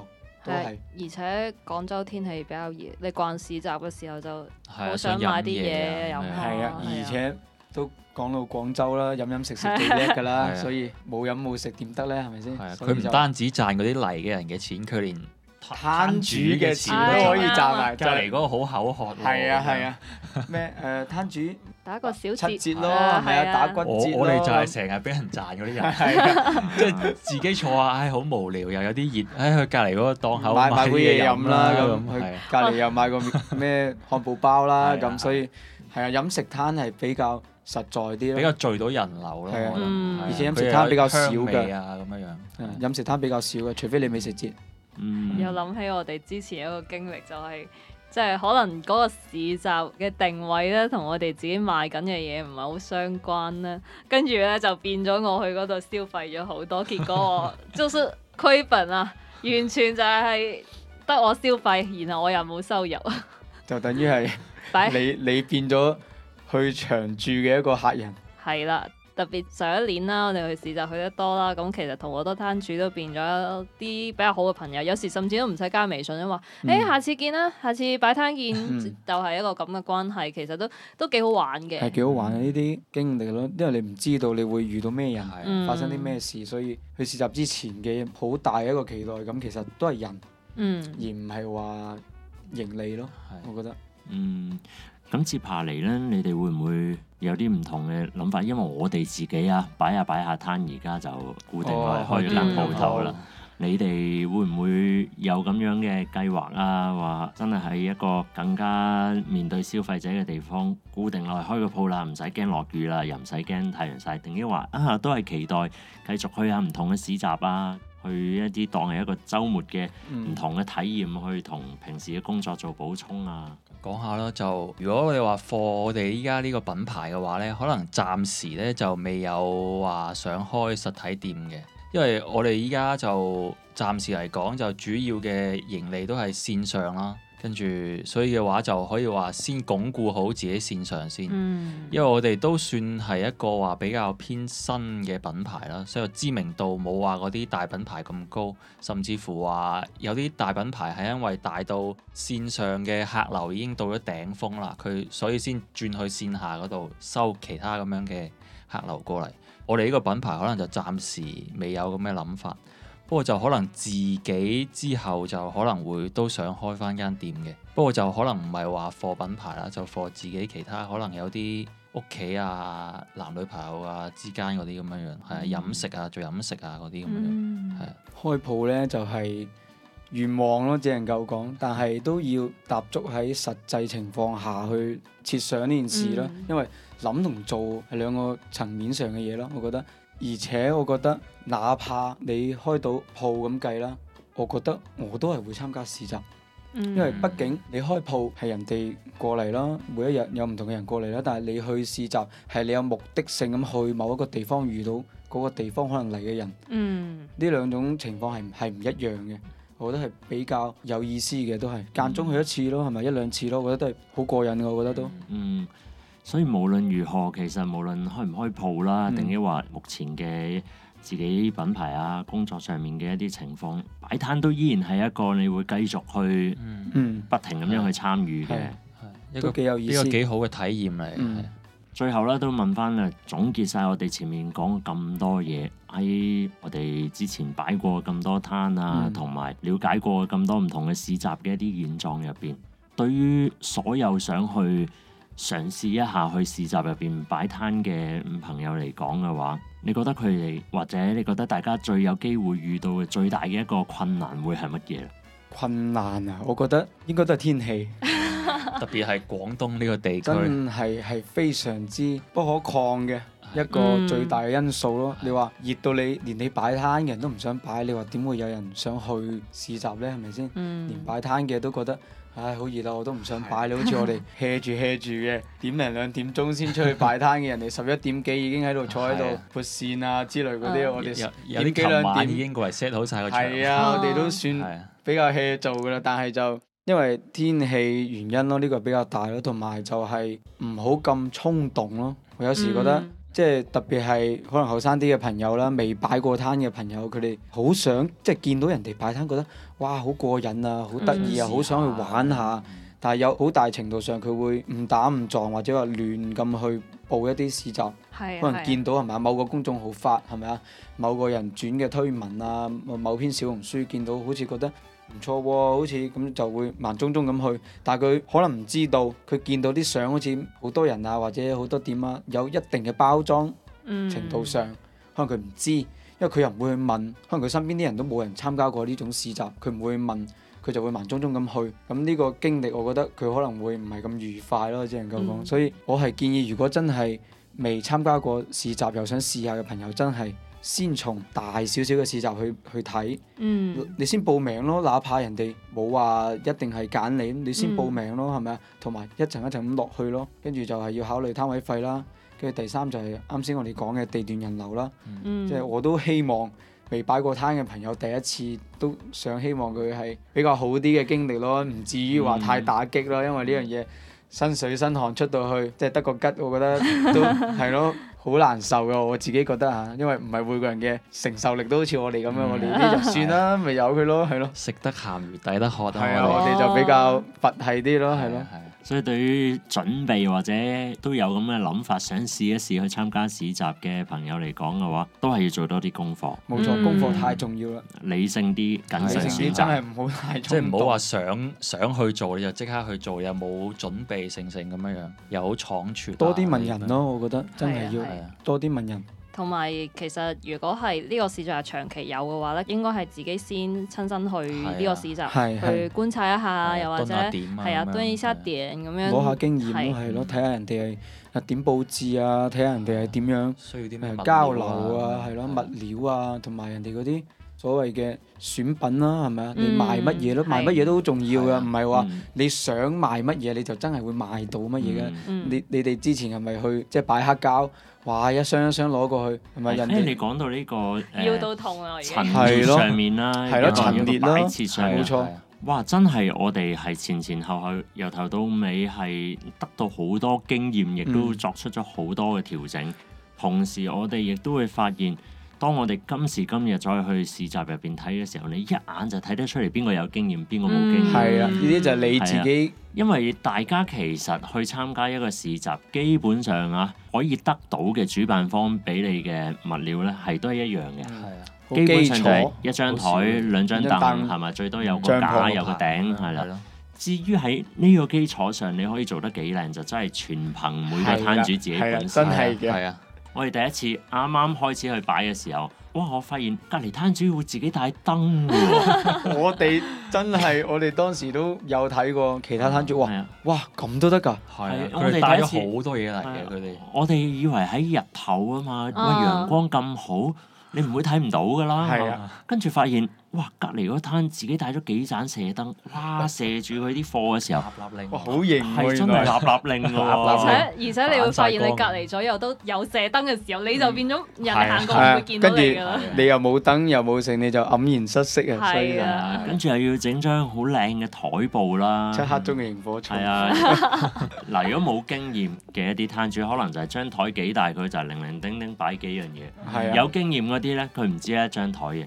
係，而且廣州天氣比較熱，你逛市集嘅時候就的我想買啲嘢飲下。係啊，而且的都講到廣州啦，飲飲食食最叻㗎啦， 所以冇飲冇食點得咧？係咪先？佢唔的以單止賺嗰啲嚟嘅人嘅錢，佢 連。攤主嘅錢都可以賺埋，隔離嗰個好口渴，係啊係啊，咩誒攤主打個小七折咯，係啊打骨折。我我哋就係成日俾人賺嗰啲人，即係自己坐下，唉好無聊，又有啲熱，喺佢隔離嗰個檔口買杯嘢飲啦，咁佢隔離又買個咩漢堡包啦，咁所以係啊飲食攤係比較實在啲咯，比較聚到人流咯，嗯，而且飲食攤比較少嘅，咁樣飲食攤比較少嘅，除非你美食節。Mm hmm. 又諗起我哋之前一個經歷，就係，就係即係可能嗰個市集嘅定位咧，同我哋自己賣緊嘅嘢唔係好相關咧。跟住咧就變咗我去嗰度消費咗好多，結果我就是虧本啊！ 完全就係得我消費，然後我又冇收入， 就等於係你 Bye. 你變咗去長住嘅一個客人。係啦。 特別上一年啦，我哋去市集去得多啦，咁其實同好多攤主都變咗啲比較好嘅朋友，有時甚至都唔使加微信，都話：誒、嗯欸，下次見啦，下次擺攤見，嗯、就係一個咁嘅關係，其實都都幾好玩嘅。係幾好玩嘅呢啲經歷咯，因為你唔知道你會遇到咩人，嗯、發生啲咩事，所以去市集之前嘅好大一個期待，咁其實都係人，嗯、而唔係話盈利咯。我覺得，嗯。嗯咁接下嚟咧，你哋會唔會有啲唔同嘅諗法？因為我哋自己啊，擺下擺下攤，而家就固定落嚟開咗間鋪、oh, okay, 頭啦。好你哋會唔會有咁樣嘅計劃啊？話真係喺一個更加面對消費者嘅地方，固定落嚟開個鋪啦，唔使驚落雨啦，又唔使驚太陽晒。定抑話啊，都係期待繼續去下唔同嘅市集啊，去一啲當係一個週末嘅唔同嘅體驗，嗯、去同平時嘅工作做補充啊。講下啦，就如果你話貨，我哋依家呢個品牌嘅話呢，可能暫時呢就未有話想開實體店嘅，因為我哋依家就暫時嚟講就主要嘅盈利都係線上啦。跟住，所以嘅話就可以話先鞏固好自己線上先，嗯、因為我哋都算係一個話比較偏新嘅品牌啦，所以知名度冇話嗰啲大品牌咁高，甚至乎話有啲大品牌係因為大到線上嘅客流已經到咗頂峰啦，佢所以先轉去線下嗰度收其他咁樣嘅客流過嚟，我哋呢個品牌可能就暫時未有咁嘅諗法。不過就可能自己之後就可能會都想開返間店嘅，不過就可能唔係話貨品牌啦，就貨自己其他可能有啲屋企啊、男女朋友啊之間嗰啲咁樣樣，係啊、嗯、飲食啊做飲食啊嗰啲咁樣，係啊、嗯、是開鋪呢就係、是、願望咯，只能夠講，但係都要踏足喺實際情況下去設想呢件事咯，嗯、因為諗同做係兩個層面上嘅嘢咯，我覺得，而且我覺得。哪怕你開到鋪咁計啦，我覺得我都係會參加市集，因為畢竟你開鋪係人哋過嚟啦，每一日有唔同嘅人過嚟啦。但係你去市集係你有目的性咁去某一個地方，遇到嗰個地方可能嚟嘅人，呢兩、嗯、種情況係係唔一樣嘅。我覺得係比較有意思嘅，都係間中去一次咯，係咪一兩次咯？我覺得都係好過癮嘅，我覺得都。嗯，所以無論如何，其實無論開唔開鋪啦，定係話目前嘅。自己品牌啊，工作上面嘅一啲情況，擺攤都依然係一個你會繼續去，去嗯，嗯嗯，不停咁樣去參與嘅，係一個幾有意思，一個幾好嘅體驗嚟。嗯、是最後咧都問翻啊，總結晒我哋前面講咁多嘢，喺、哎、我哋之前擺過咁多攤啊，同埋、嗯、了解過咁多唔同嘅市集嘅一啲現狀入邊，對於所有想去嘗試一下去市集入邊擺攤嘅朋友嚟講嘅話，你覺得佢哋或者你覺得大家最有機會遇到嘅最大嘅一個困難會係乜嘢？困難啊，我覺得應該都係天氣， 特別係廣東呢個地區，真係係非常之不可抗嘅一個最大嘅因素咯。嗯、你話熱到你連你擺攤嘅人都唔想擺，你話點會有人想去市集呢？係咪先？嗯、連擺攤嘅都覺得。唉，好、哎、熱啦，我都唔想擺你好似我哋歇住歇住嘅， 點零兩點鐘先出去擺攤嘅人哋， 十一點幾已經喺度坐喺度撥線啊之類嗰啲， 嗯、我哋們 點幾兩點，點已經過嚟 set 好晒個場，係、嗯、啊，我哋都算比較歇做噶啦，但係就因為天氣原因咯，呢、呢個比較大咯，同埋就係唔好咁衝動咯，我有時覺得。即係特別係可能後生啲嘅朋友啦，未擺過攤嘅朋友，佢哋好想即係見到人哋擺攤，覺得哇好過癮啊，好得意啊，好、嗯、想去玩下。嗯、但係有好大程度上，佢會誤打誤撞或者話亂咁去報一啲市集。是可能見到係咪啊？是吧某個公眾號發係咪啊？某個人轉嘅推文啊，某篇小紅書見到好似覺得。唔錯喎，好似咁就會盲中中咁去，但係佢可能唔知道，佢見到啲相好似好多人啊，或者好多點啊，有一定嘅包裝，程度上、嗯、可能佢唔知，因為佢又唔會去問，可能佢身邊啲人都冇人參加過呢種市集，佢唔會去問，佢就會盲中中咁去，咁呢個經歷我覺得佢可能會唔係咁愉快咯、啊，只能夠講。嗯、所以我係建議，如果真係未參加過市集又想試下嘅朋友，真係。先從大少少嘅市集去去睇，嗯、你先報名咯，哪怕人哋冇話一定係揀你，你先報名咯，係咪啊？同埋一層一層咁落去咯，跟住就係要考慮攤位費啦。跟住第三就係啱先我哋講嘅地段人流啦，即係、嗯、我都希望未擺過攤嘅朋友第一次都想希望佢係比較好啲嘅經歷咯，唔至於話太打擊咯，因為呢樣嘢身水身汗出到去，即係得個吉，我覺得都係咯。 好難受嘅，我自己覺得啊，因為唔係每個人嘅承受力都好似我哋咁樣，嗯、我哋呢啲就算啦，咪由佢咯，係咯。食得鹹魚抵得渴啊！我哋就比較佛系啲咯，係、啊、係咯。所以對於準備或者都有咁嘅諗法，想試一試去參加市集嘅朋友嚟講嘅話，都係要做多啲功課。冇錯，功課太重要啦、嗯。理性啲，慎選，理性啲真係唔好太重。即係唔好話想想去做，你就即刻去做，又冇準備，成成咁樣樣，又好莽闖。多啲問人咯，我覺得真係要多啲問人。同埋，其實如果係呢個市集係長期有嘅話咧，應該係自己先親身去呢個市集去觀察一下，又或者係啊蹲一下店咁樣攞下經驗，係咯，睇下人哋係點佈置啊，睇下人哋係點樣需要啲咩交流啊，係咯，物料啊，同埋人哋嗰啲。所謂嘅選品啦，係咪啊？你賣乜嘢咯？賣乜嘢都好重要㗎，唔係話你想賣乜嘢你就真係會賣到乜嘢嘅。你你哋之前係咪去即係擺黑膠？哇！一箱一箱攞過去，係咪人哋講到呢個腰都痛啊？陳列上面啦，係咯，陳列咯，冇錯。哇！真係我哋係前前後後，由頭到尾係得到好多經驗，亦都作出咗好多嘅調整。同時，我哋亦都會發現。當我哋今時今日再去市集入邊睇嘅時候，你一眼就睇得出嚟邊個有經驗，邊個冇經驗。係啊，呢啲就係你自己。因為大家其實去參加一個市集，基本上啊，可以得到嘅主辦方俾你嘅物料咧，係都係一樣嘅。基本上就一張台、兩張凳，係咪最多有個架、有個頂，係啦。至於喺呢個基礎上，你可以做得幾靚，就真係全憑每個攤主自己本身。啦。係啊。我哋第一次啱啱開始去擺嘅時候，哇！我發現隔離攤主會自己帶燈喎 。我哋真係我哋當時都有睇過其他攤主，哇！的哇咁都得㗎，佢哋帶咗好多嘢嚟嘅佢哋。我哋以為喺日頭啊嘛，喂 陽光咁好，你唔會睇唔到㗎啦。的的跟住發現。哇！隔離嗰攤自己帶咗幾盞射燈，哇！射住佢啲貨嘅時候，哇！好型喎，真係立立令喎，而且你會發現你隔離左右都有射燈嘅時候，你就變咗人行過唔會見到你噶啦。你又冇燈又冇剩，你就黯然失色啊！所以，跟住又要整張好靚嘅台布啦，喺黑中嘅螢火蟲。係啊，嗱，如果冇經驗嘅一啲攤主，可能就係張台幾大，佢就零零丁丁擺幾樣嘢。有經驗嗰啲咧，佢唔知一張台嘅。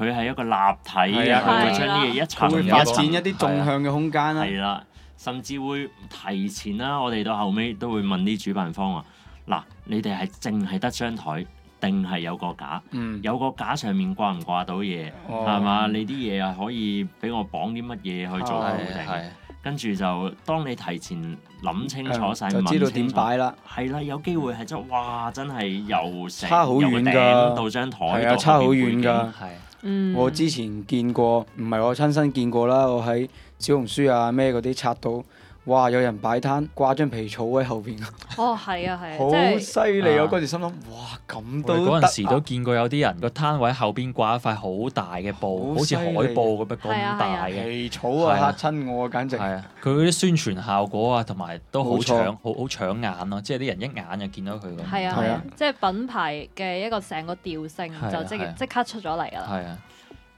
佢係一個立體嘅，佢會將啲嘢一層。佢會發展一啲縱向嘅空間啦。係啦，甚至會提前啦。我哋到後尾都會問啲主辦方啊。嗱，你哋係淨係得張台，定係有個架？有個架上面掛唔掛到嘢？哦。係嘛？你啲嘢啊，可以俾我綁啲乜嘢去做固定？係。跟住就當你提前諗清楚晒，問清楚，就知道點擺啦。係啦，有機會係真，哇！真係由成由頂到張台，差好遠㗎。我之前見過，唔係我親身見過啦，我喺小紅書啊咩嗰啲刷到。哇！有人擺攤掛張皮草喺後邊。哦，係啊，係啊，好犀利啊！我嗰陣時心諗，哇咁都。我嗰陣時都見過有啲人個攤位後邊掛一塊好大嘅布，好似海報咁，不過咁大嘅。皮草啊，嚇親我啊，簡直。係啊，佢啲宣傳效果啊，同埋都好搶，好好搶眼咯。即係啲人一眼就見到佢。係啊係啊，即係品牌嘅一個成個調性就即即刻出咗嚟㗎啦。係啊。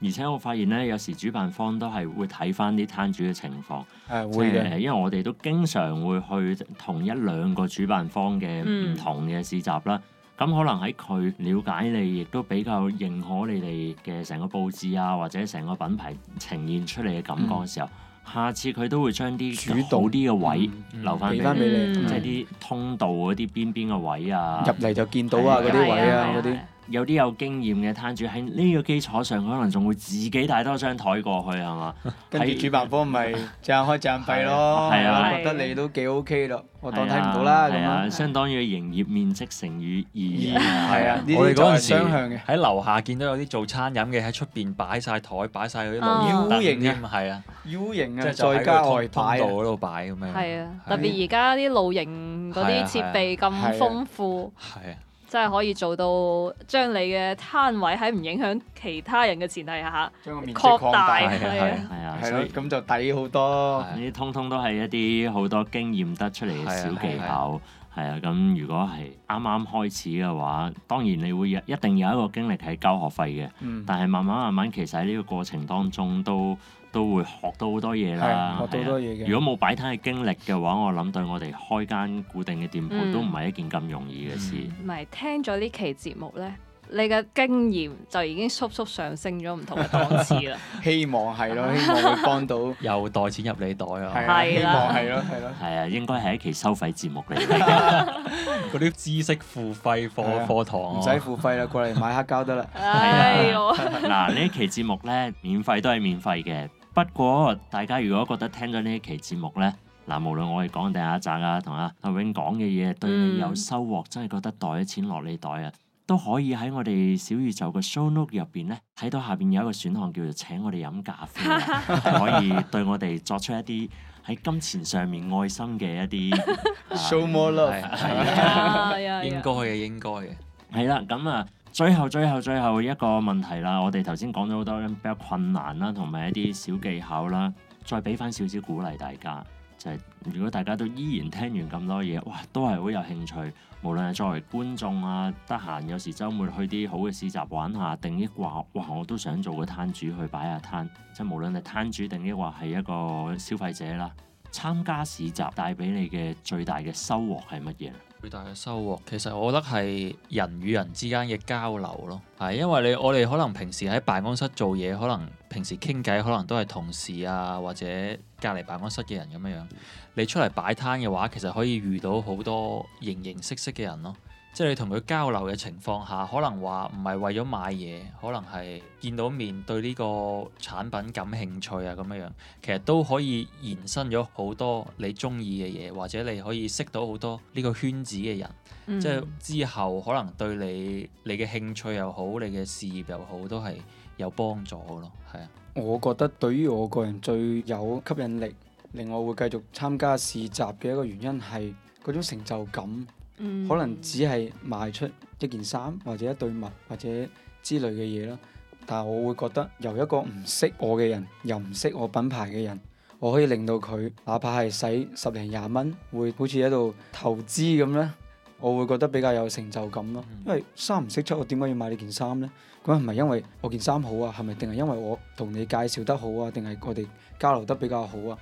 而且我發現咧，有時主辦方都係會睇翻啲攤主嘅情況，即係的因為我哋都經常會去同一兩個主辦方嘅唔同嘅市集啦。咁、嗯、可能喺佢了解你，亦都比較認可你哋嘅成個佈置啊，或者成個品牌呈現出嚟嘅感覺嘅時候，嗯、下次佢都會將啲主導啲嘅位留翻俾你，即係啲通道嗰啲邊邊嘅位啊，入嚟就見到啊嗰啲的位啊嗰啲。的的有啲有經驗嘅攤主喺呢個基礎上，可能仲會自己帶多張台過去，係嘛？跟住主辦方咪賺開賺閉咯。係啊，覺得你都幾 OK 咯，我當睇唔到啦咁。係啊，相當於營業面積乘以二啊。係啊，我哋嗰陣時喺樓下見到有啲做餐飲嘅喺出邊擺晒台，擺曬嗰啲露營嘅唔係啊，U 型嘅即係再加台通道嗰度擺咁樣。係啊，特別而家啲露營嗰啲設備咁豐富。真係可以做到將你嘅攤位喺唔影響其他人嘅前提下，將個面積擴大，係 啊，係啊，係咯以，咁就抵好多。呢啲通通都係一啲好多經驗得出嚟嘅小技巧，係 啊。咁如果係啱啱開始嘅話，當然你會有一定有一個經歷係交學費嘅，嗯，但係慢慢慢慢，其實喺呢個過程當中都。都會學到好多嘢啦，學到好多嘢嘅。如果冇擺攤嘅經歷嘅話，我諗對我哋開間固定嘅店鋪都唔係一件咁容易嘅事。唔係聽咗呢期節目咧，你嘅經驗就已經速速上升咗唔同嘅檔次啦。希望係咯，希望會幫到又袋錢入你袋啊！係啦，希望係咯，係咯，係啊，應該係一期收費節目嚟嘅，嗰啲知識付費課課堂，唔使付費啦，過嚟買黑膠得啦。係啊，嗱呢一呢期節目咧，免費都係免費嘅。不過大家如果覺得聽咗呢期節目咧，嗱，無論我哋講定阿澤啊同阿阿 Wing 講嘅嘢，對你有收穫，真係覺得袋錢落你袋啊，嗯、都可以喺我哋小宇宙嘅 show note 入邊咧睇到下邊有一個選項叫做請我哋飲咖啡， 可以對我哋作出一啲喺金錢上面愛心嘅一啲 show more love，係啊，應該嘅，應該嘅，係啦，咁啊。最後最後最後一個問題啦，我哋頭先講咗好多比較困難啦，同埋一啲小技巧啦，再俾翻少少鼓勵大家。就係如果大家都依然聽完咁多嘢，哇，都係好有興趣。無論係作為觀眾啊，得閒有時週末去啲好嘅市集玩下，定抑話哇，哇，我都想做個攤主去擺下攤。即係無論係攤主定抑話係一個消費者啦，參加市集帶俾你嘅最大嘅收穫係乜嘢？最大嘅收穫，其實我覺得係人與人之間嘅交流咯，係因為你我哋可能平時喺辦公室做嘢，可能平時傾偈，可能都係同事啊或者隔離辦公室嘅人咁樣樣。你出嚟擺攤嘅話，其實可以遇到好多形形色色嘅人咯。即係你同佢交流嘅情況下，可能話唔係為咗買嘢，可能係見到面對呢個產品感興趣啊咁樣樣，其實都可以延伸咗好多你中意嘅嘢，或者你可以識到好多呢個圈子嘅人，嗯、即係之後可能對你你嘅興趣又好，你嘅事業又好，都係有幫助咯。係啊，我覺得對於我個人最有吸引力，令我會繼續參加市集嘅一個原因係嗰種成就感。可能只係賣出一件衫或者一對襪或者之類嘅嘢啦，但係我會覺得由一個唔識我嘅人，又唔識我品牌嘅人，我可以令到佢哪怕係使十零廿蚊，會好似喺度投資咁咧，我會覺得比較有成就感咯。因為三唔識七，我點解要買件呢件衫咧？咁係咪因為我件衫好啊？係咪定係因為我同你介紹得好啊？定係我哋交流得比較好啊？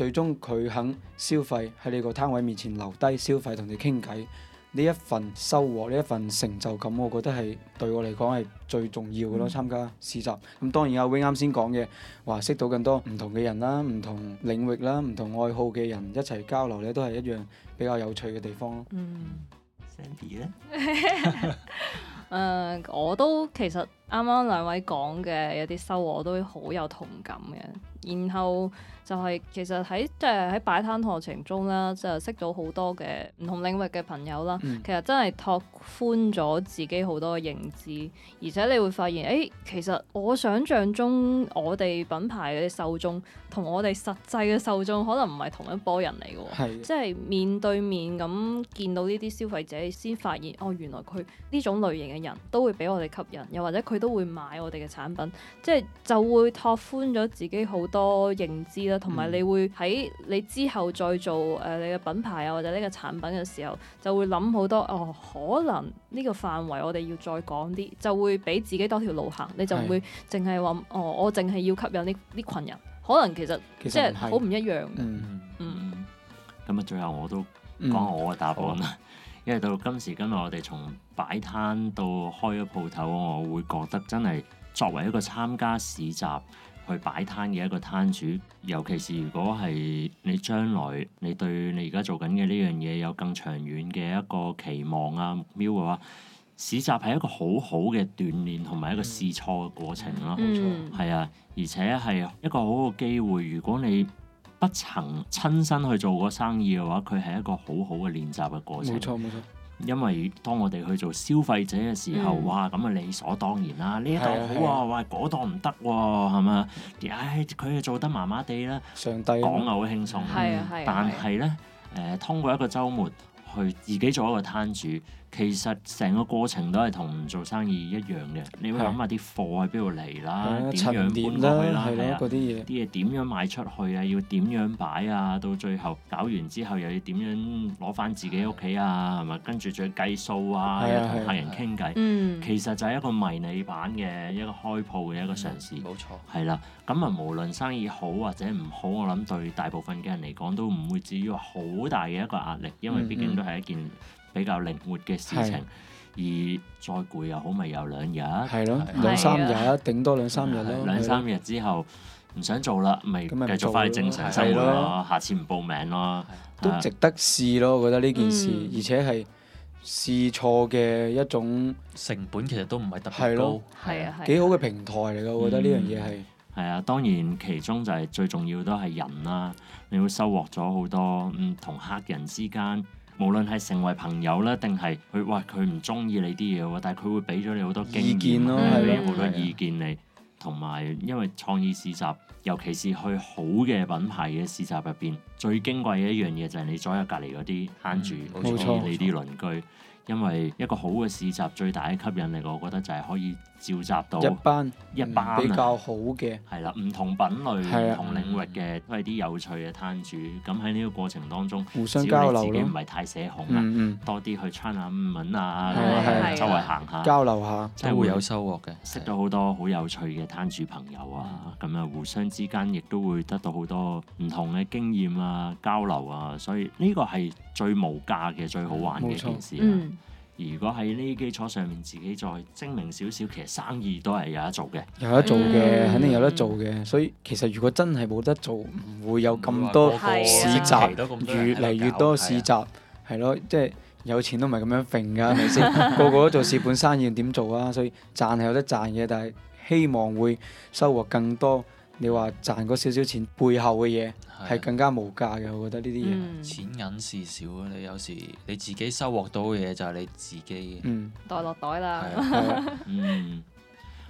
最終佢肯消費喺你個攤位面前留低消費同你傾偈，呢一份收穫，呢一份成就感，我覺得係對我嚟講係最重要嘅咯。參、嗯、加市集，咁當然阿 Wing 啱先講嘅話識到更多唔同嘅人啦，唔同領域啦，唔同愛好嘅人一齊交流咧，都係一樣比較有趣嘅地方咯。嗯，Sandy 咧，誒我都其實啱啱兩位講嘅有啲收穫都好有同感嘅，然後，就係其實喺即係喺擺攤過程中啦，就是、識到好多嘅唔同領域嘅朋友啦。嗯、其實真係拓寬咗自己好多嘅認知，而且你會發現，誒、欸，其實我想象中我哋品牌嘅受眾同我哋實際嘅受眾可能唔係同一波人嚟嘅，即係的面對面咁見到呢啲消費者先發現哦，原來佢呢種類型嘅人都會俾我哋吸引，又或者佢都會買我哋嘅產品，即、就、係、是、就會拓寬咗自己好多認知啦。同埋你會喺你之後再做誒，你嘅品牌啊或者呢個產品嘅時候，就會諗好多哦，可能呢個範圍我哋要再講啲，就會俾自己多條路行，你就唔會淨係話哦，我淨係要吸引呢啲羣人，可能其實即係好唔一樣。嗯咁啊，嗯嗯、最後我都講下我嘅答案啦，嗯、 因為到今時今日，我哋從擺攤到開咗鋪頭，我會覺得真係作為一個參加市集去擺攤嘅一個攤主，尤其是如果係你將來你對你而家做緊嘅呢樣嘢有更長遠嘅一個期望啊目標嘅話，市集係一個好好嘅鍛煉同埋一個試錯嘅過程咯。冇錯，嗯，係啊，嗯，而且係一個好好機會，如果你不曾親身去做過生意嘅話，佢係一個好好嘅練習嘅過程。冇錯，冇錯。因為當我哋去做消費者嘅時候，嗯、哇咁啊理所當然啦。呢度好喎，喂嗰度唔得喎，係咪哇？唉的，佢、啊哎、做得麻麻地啦，講嘅好輕鬆，鬆但係咧誒，通過一個週末去自己做一個攤主，其實成個過程都係同做生意一樣嘅，你會諗下啲貨喺邊度嚟啦，點樣搬過去啦，係啲嘢點樣賣出去啊？要點樣擺啊？到最後搞完之後又要點樣攞翻自己屋企啊？係咪？跟住再計數啊，同客人傾偈。其實就係一個迷你版嘅一個開鋪嘅一個嘗試。冇錯。係啦，咁啊，無論生意好或者唔好，我諗對大部分嘅人嚟講都唔會至於話好大嘅一個壓力，因為畢竟都係一件比較靈活嘅事情，而再攰又好，咪有兩日，係咯兩三日，頂多兩三日咯。兩三日之後唔想做啦，咪繼續翻去正常生活咯。下次唔報名咯，都值得試咯。我覺得呢件事，而且係試錯嘅一種成本，其實都唔係特別高，係啊，幾好嘅平台嚟㗎。我覺得呢樣嘢係係啊，當然其中就係最重要都係人啦。你會收穫咗好多，嗯，同客人之間。無論係成為朋友啦，定係佢，哇！佢唔中意你啲嘢喎，但係佢會俾咗你好多經驗，意見，俾好多意見你，同埋因為創意市集，尤其是去好嘅品牌嘅市集入邊，最矜貴嘅一樣嘢就係你左右隔離嗰啲攤主，冇、嗯、錯，意你啲鄰居，錯因為一個好嘅市集錯最大嘅吸引力，我覺得就係可以。召集到一班一班比較好嘅，係啦，唔同品類、唔同領域嘅都係啲有趣嘅攤主。咁喺呢個過程當中，互相交流，自己唔係太社恐啦，多啲去串下門啊，周圍行下，交流下，即係會有收穫嘅，識到好多好有趣嘅攤主朋友啊。咁啊，互相之間亦都會得到好多唔同嘅經驗啊、交流啊。所以呢個係最無價嘅、最好玩嘅一件事。如果喺呢基礎上面自己再精明少少，其實生意都係有得做嘅。有得做嘅，嗯、肯定有得做嘅。所以其實如果真係冇得做，唔會有咁多市集，越嚟越多市集，係咯、啊，即係、啊就是、有錢都唔係咁樣揈噶，咪先吧。個 個都做蝕本生意，點做啊？所以賺係有得賺嘅，但係希望會收穫更多。你話賺嗰少少錢背後嘅嘢係更加無價嘅，我覺得呢啲嘢。嗯、錢銀事少，你有時你自己收穫到嘅嘢就係你自己嘅、嗯、袋落袋啦。 嗯，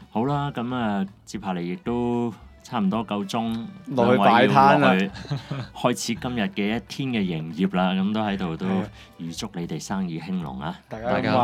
好啦，咁啊，接下嚟亦都差唔多夠鐘落去擺攤啦，開始今日嘅一天嘅營業啦。咁 都喺度都預祝你哋生意興隆啊！大家好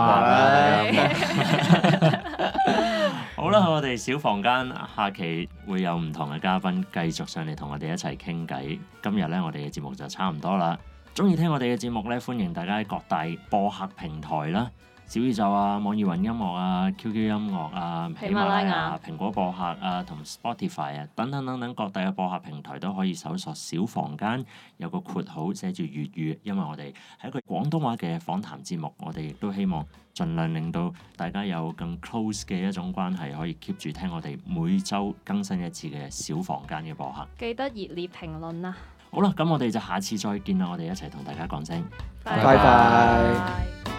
好啦，我哋小房間下期會有唔同嘅嘉賓繼續上嚟同我哋一齊傾偈。今日呢，我哋嘅節目就差唔多啦。中意聽我哋嘅節目呢，歡迎大家喺各大播客平台啦。小宇宙啊，網易雲音樂啊，QQ 音樂啊，喜馬拉雅、蘋果播客啊，同 Spotify 啊，等等等等各大嘅播客平台都可以搜索小房間，有個括號寫住粵語，因為我哋係一個廣東話嘅訪談節目，我哋亦都希望盡量令到大家有更 close 嘅一種關係，可以 keep 住聽我哋每週更新一次嘅小房間嘅播客，記得熱烈評論啦！好啦，咁我哋就下次再見啦，我哋一齊同大家講聲，拜拜。拜拜。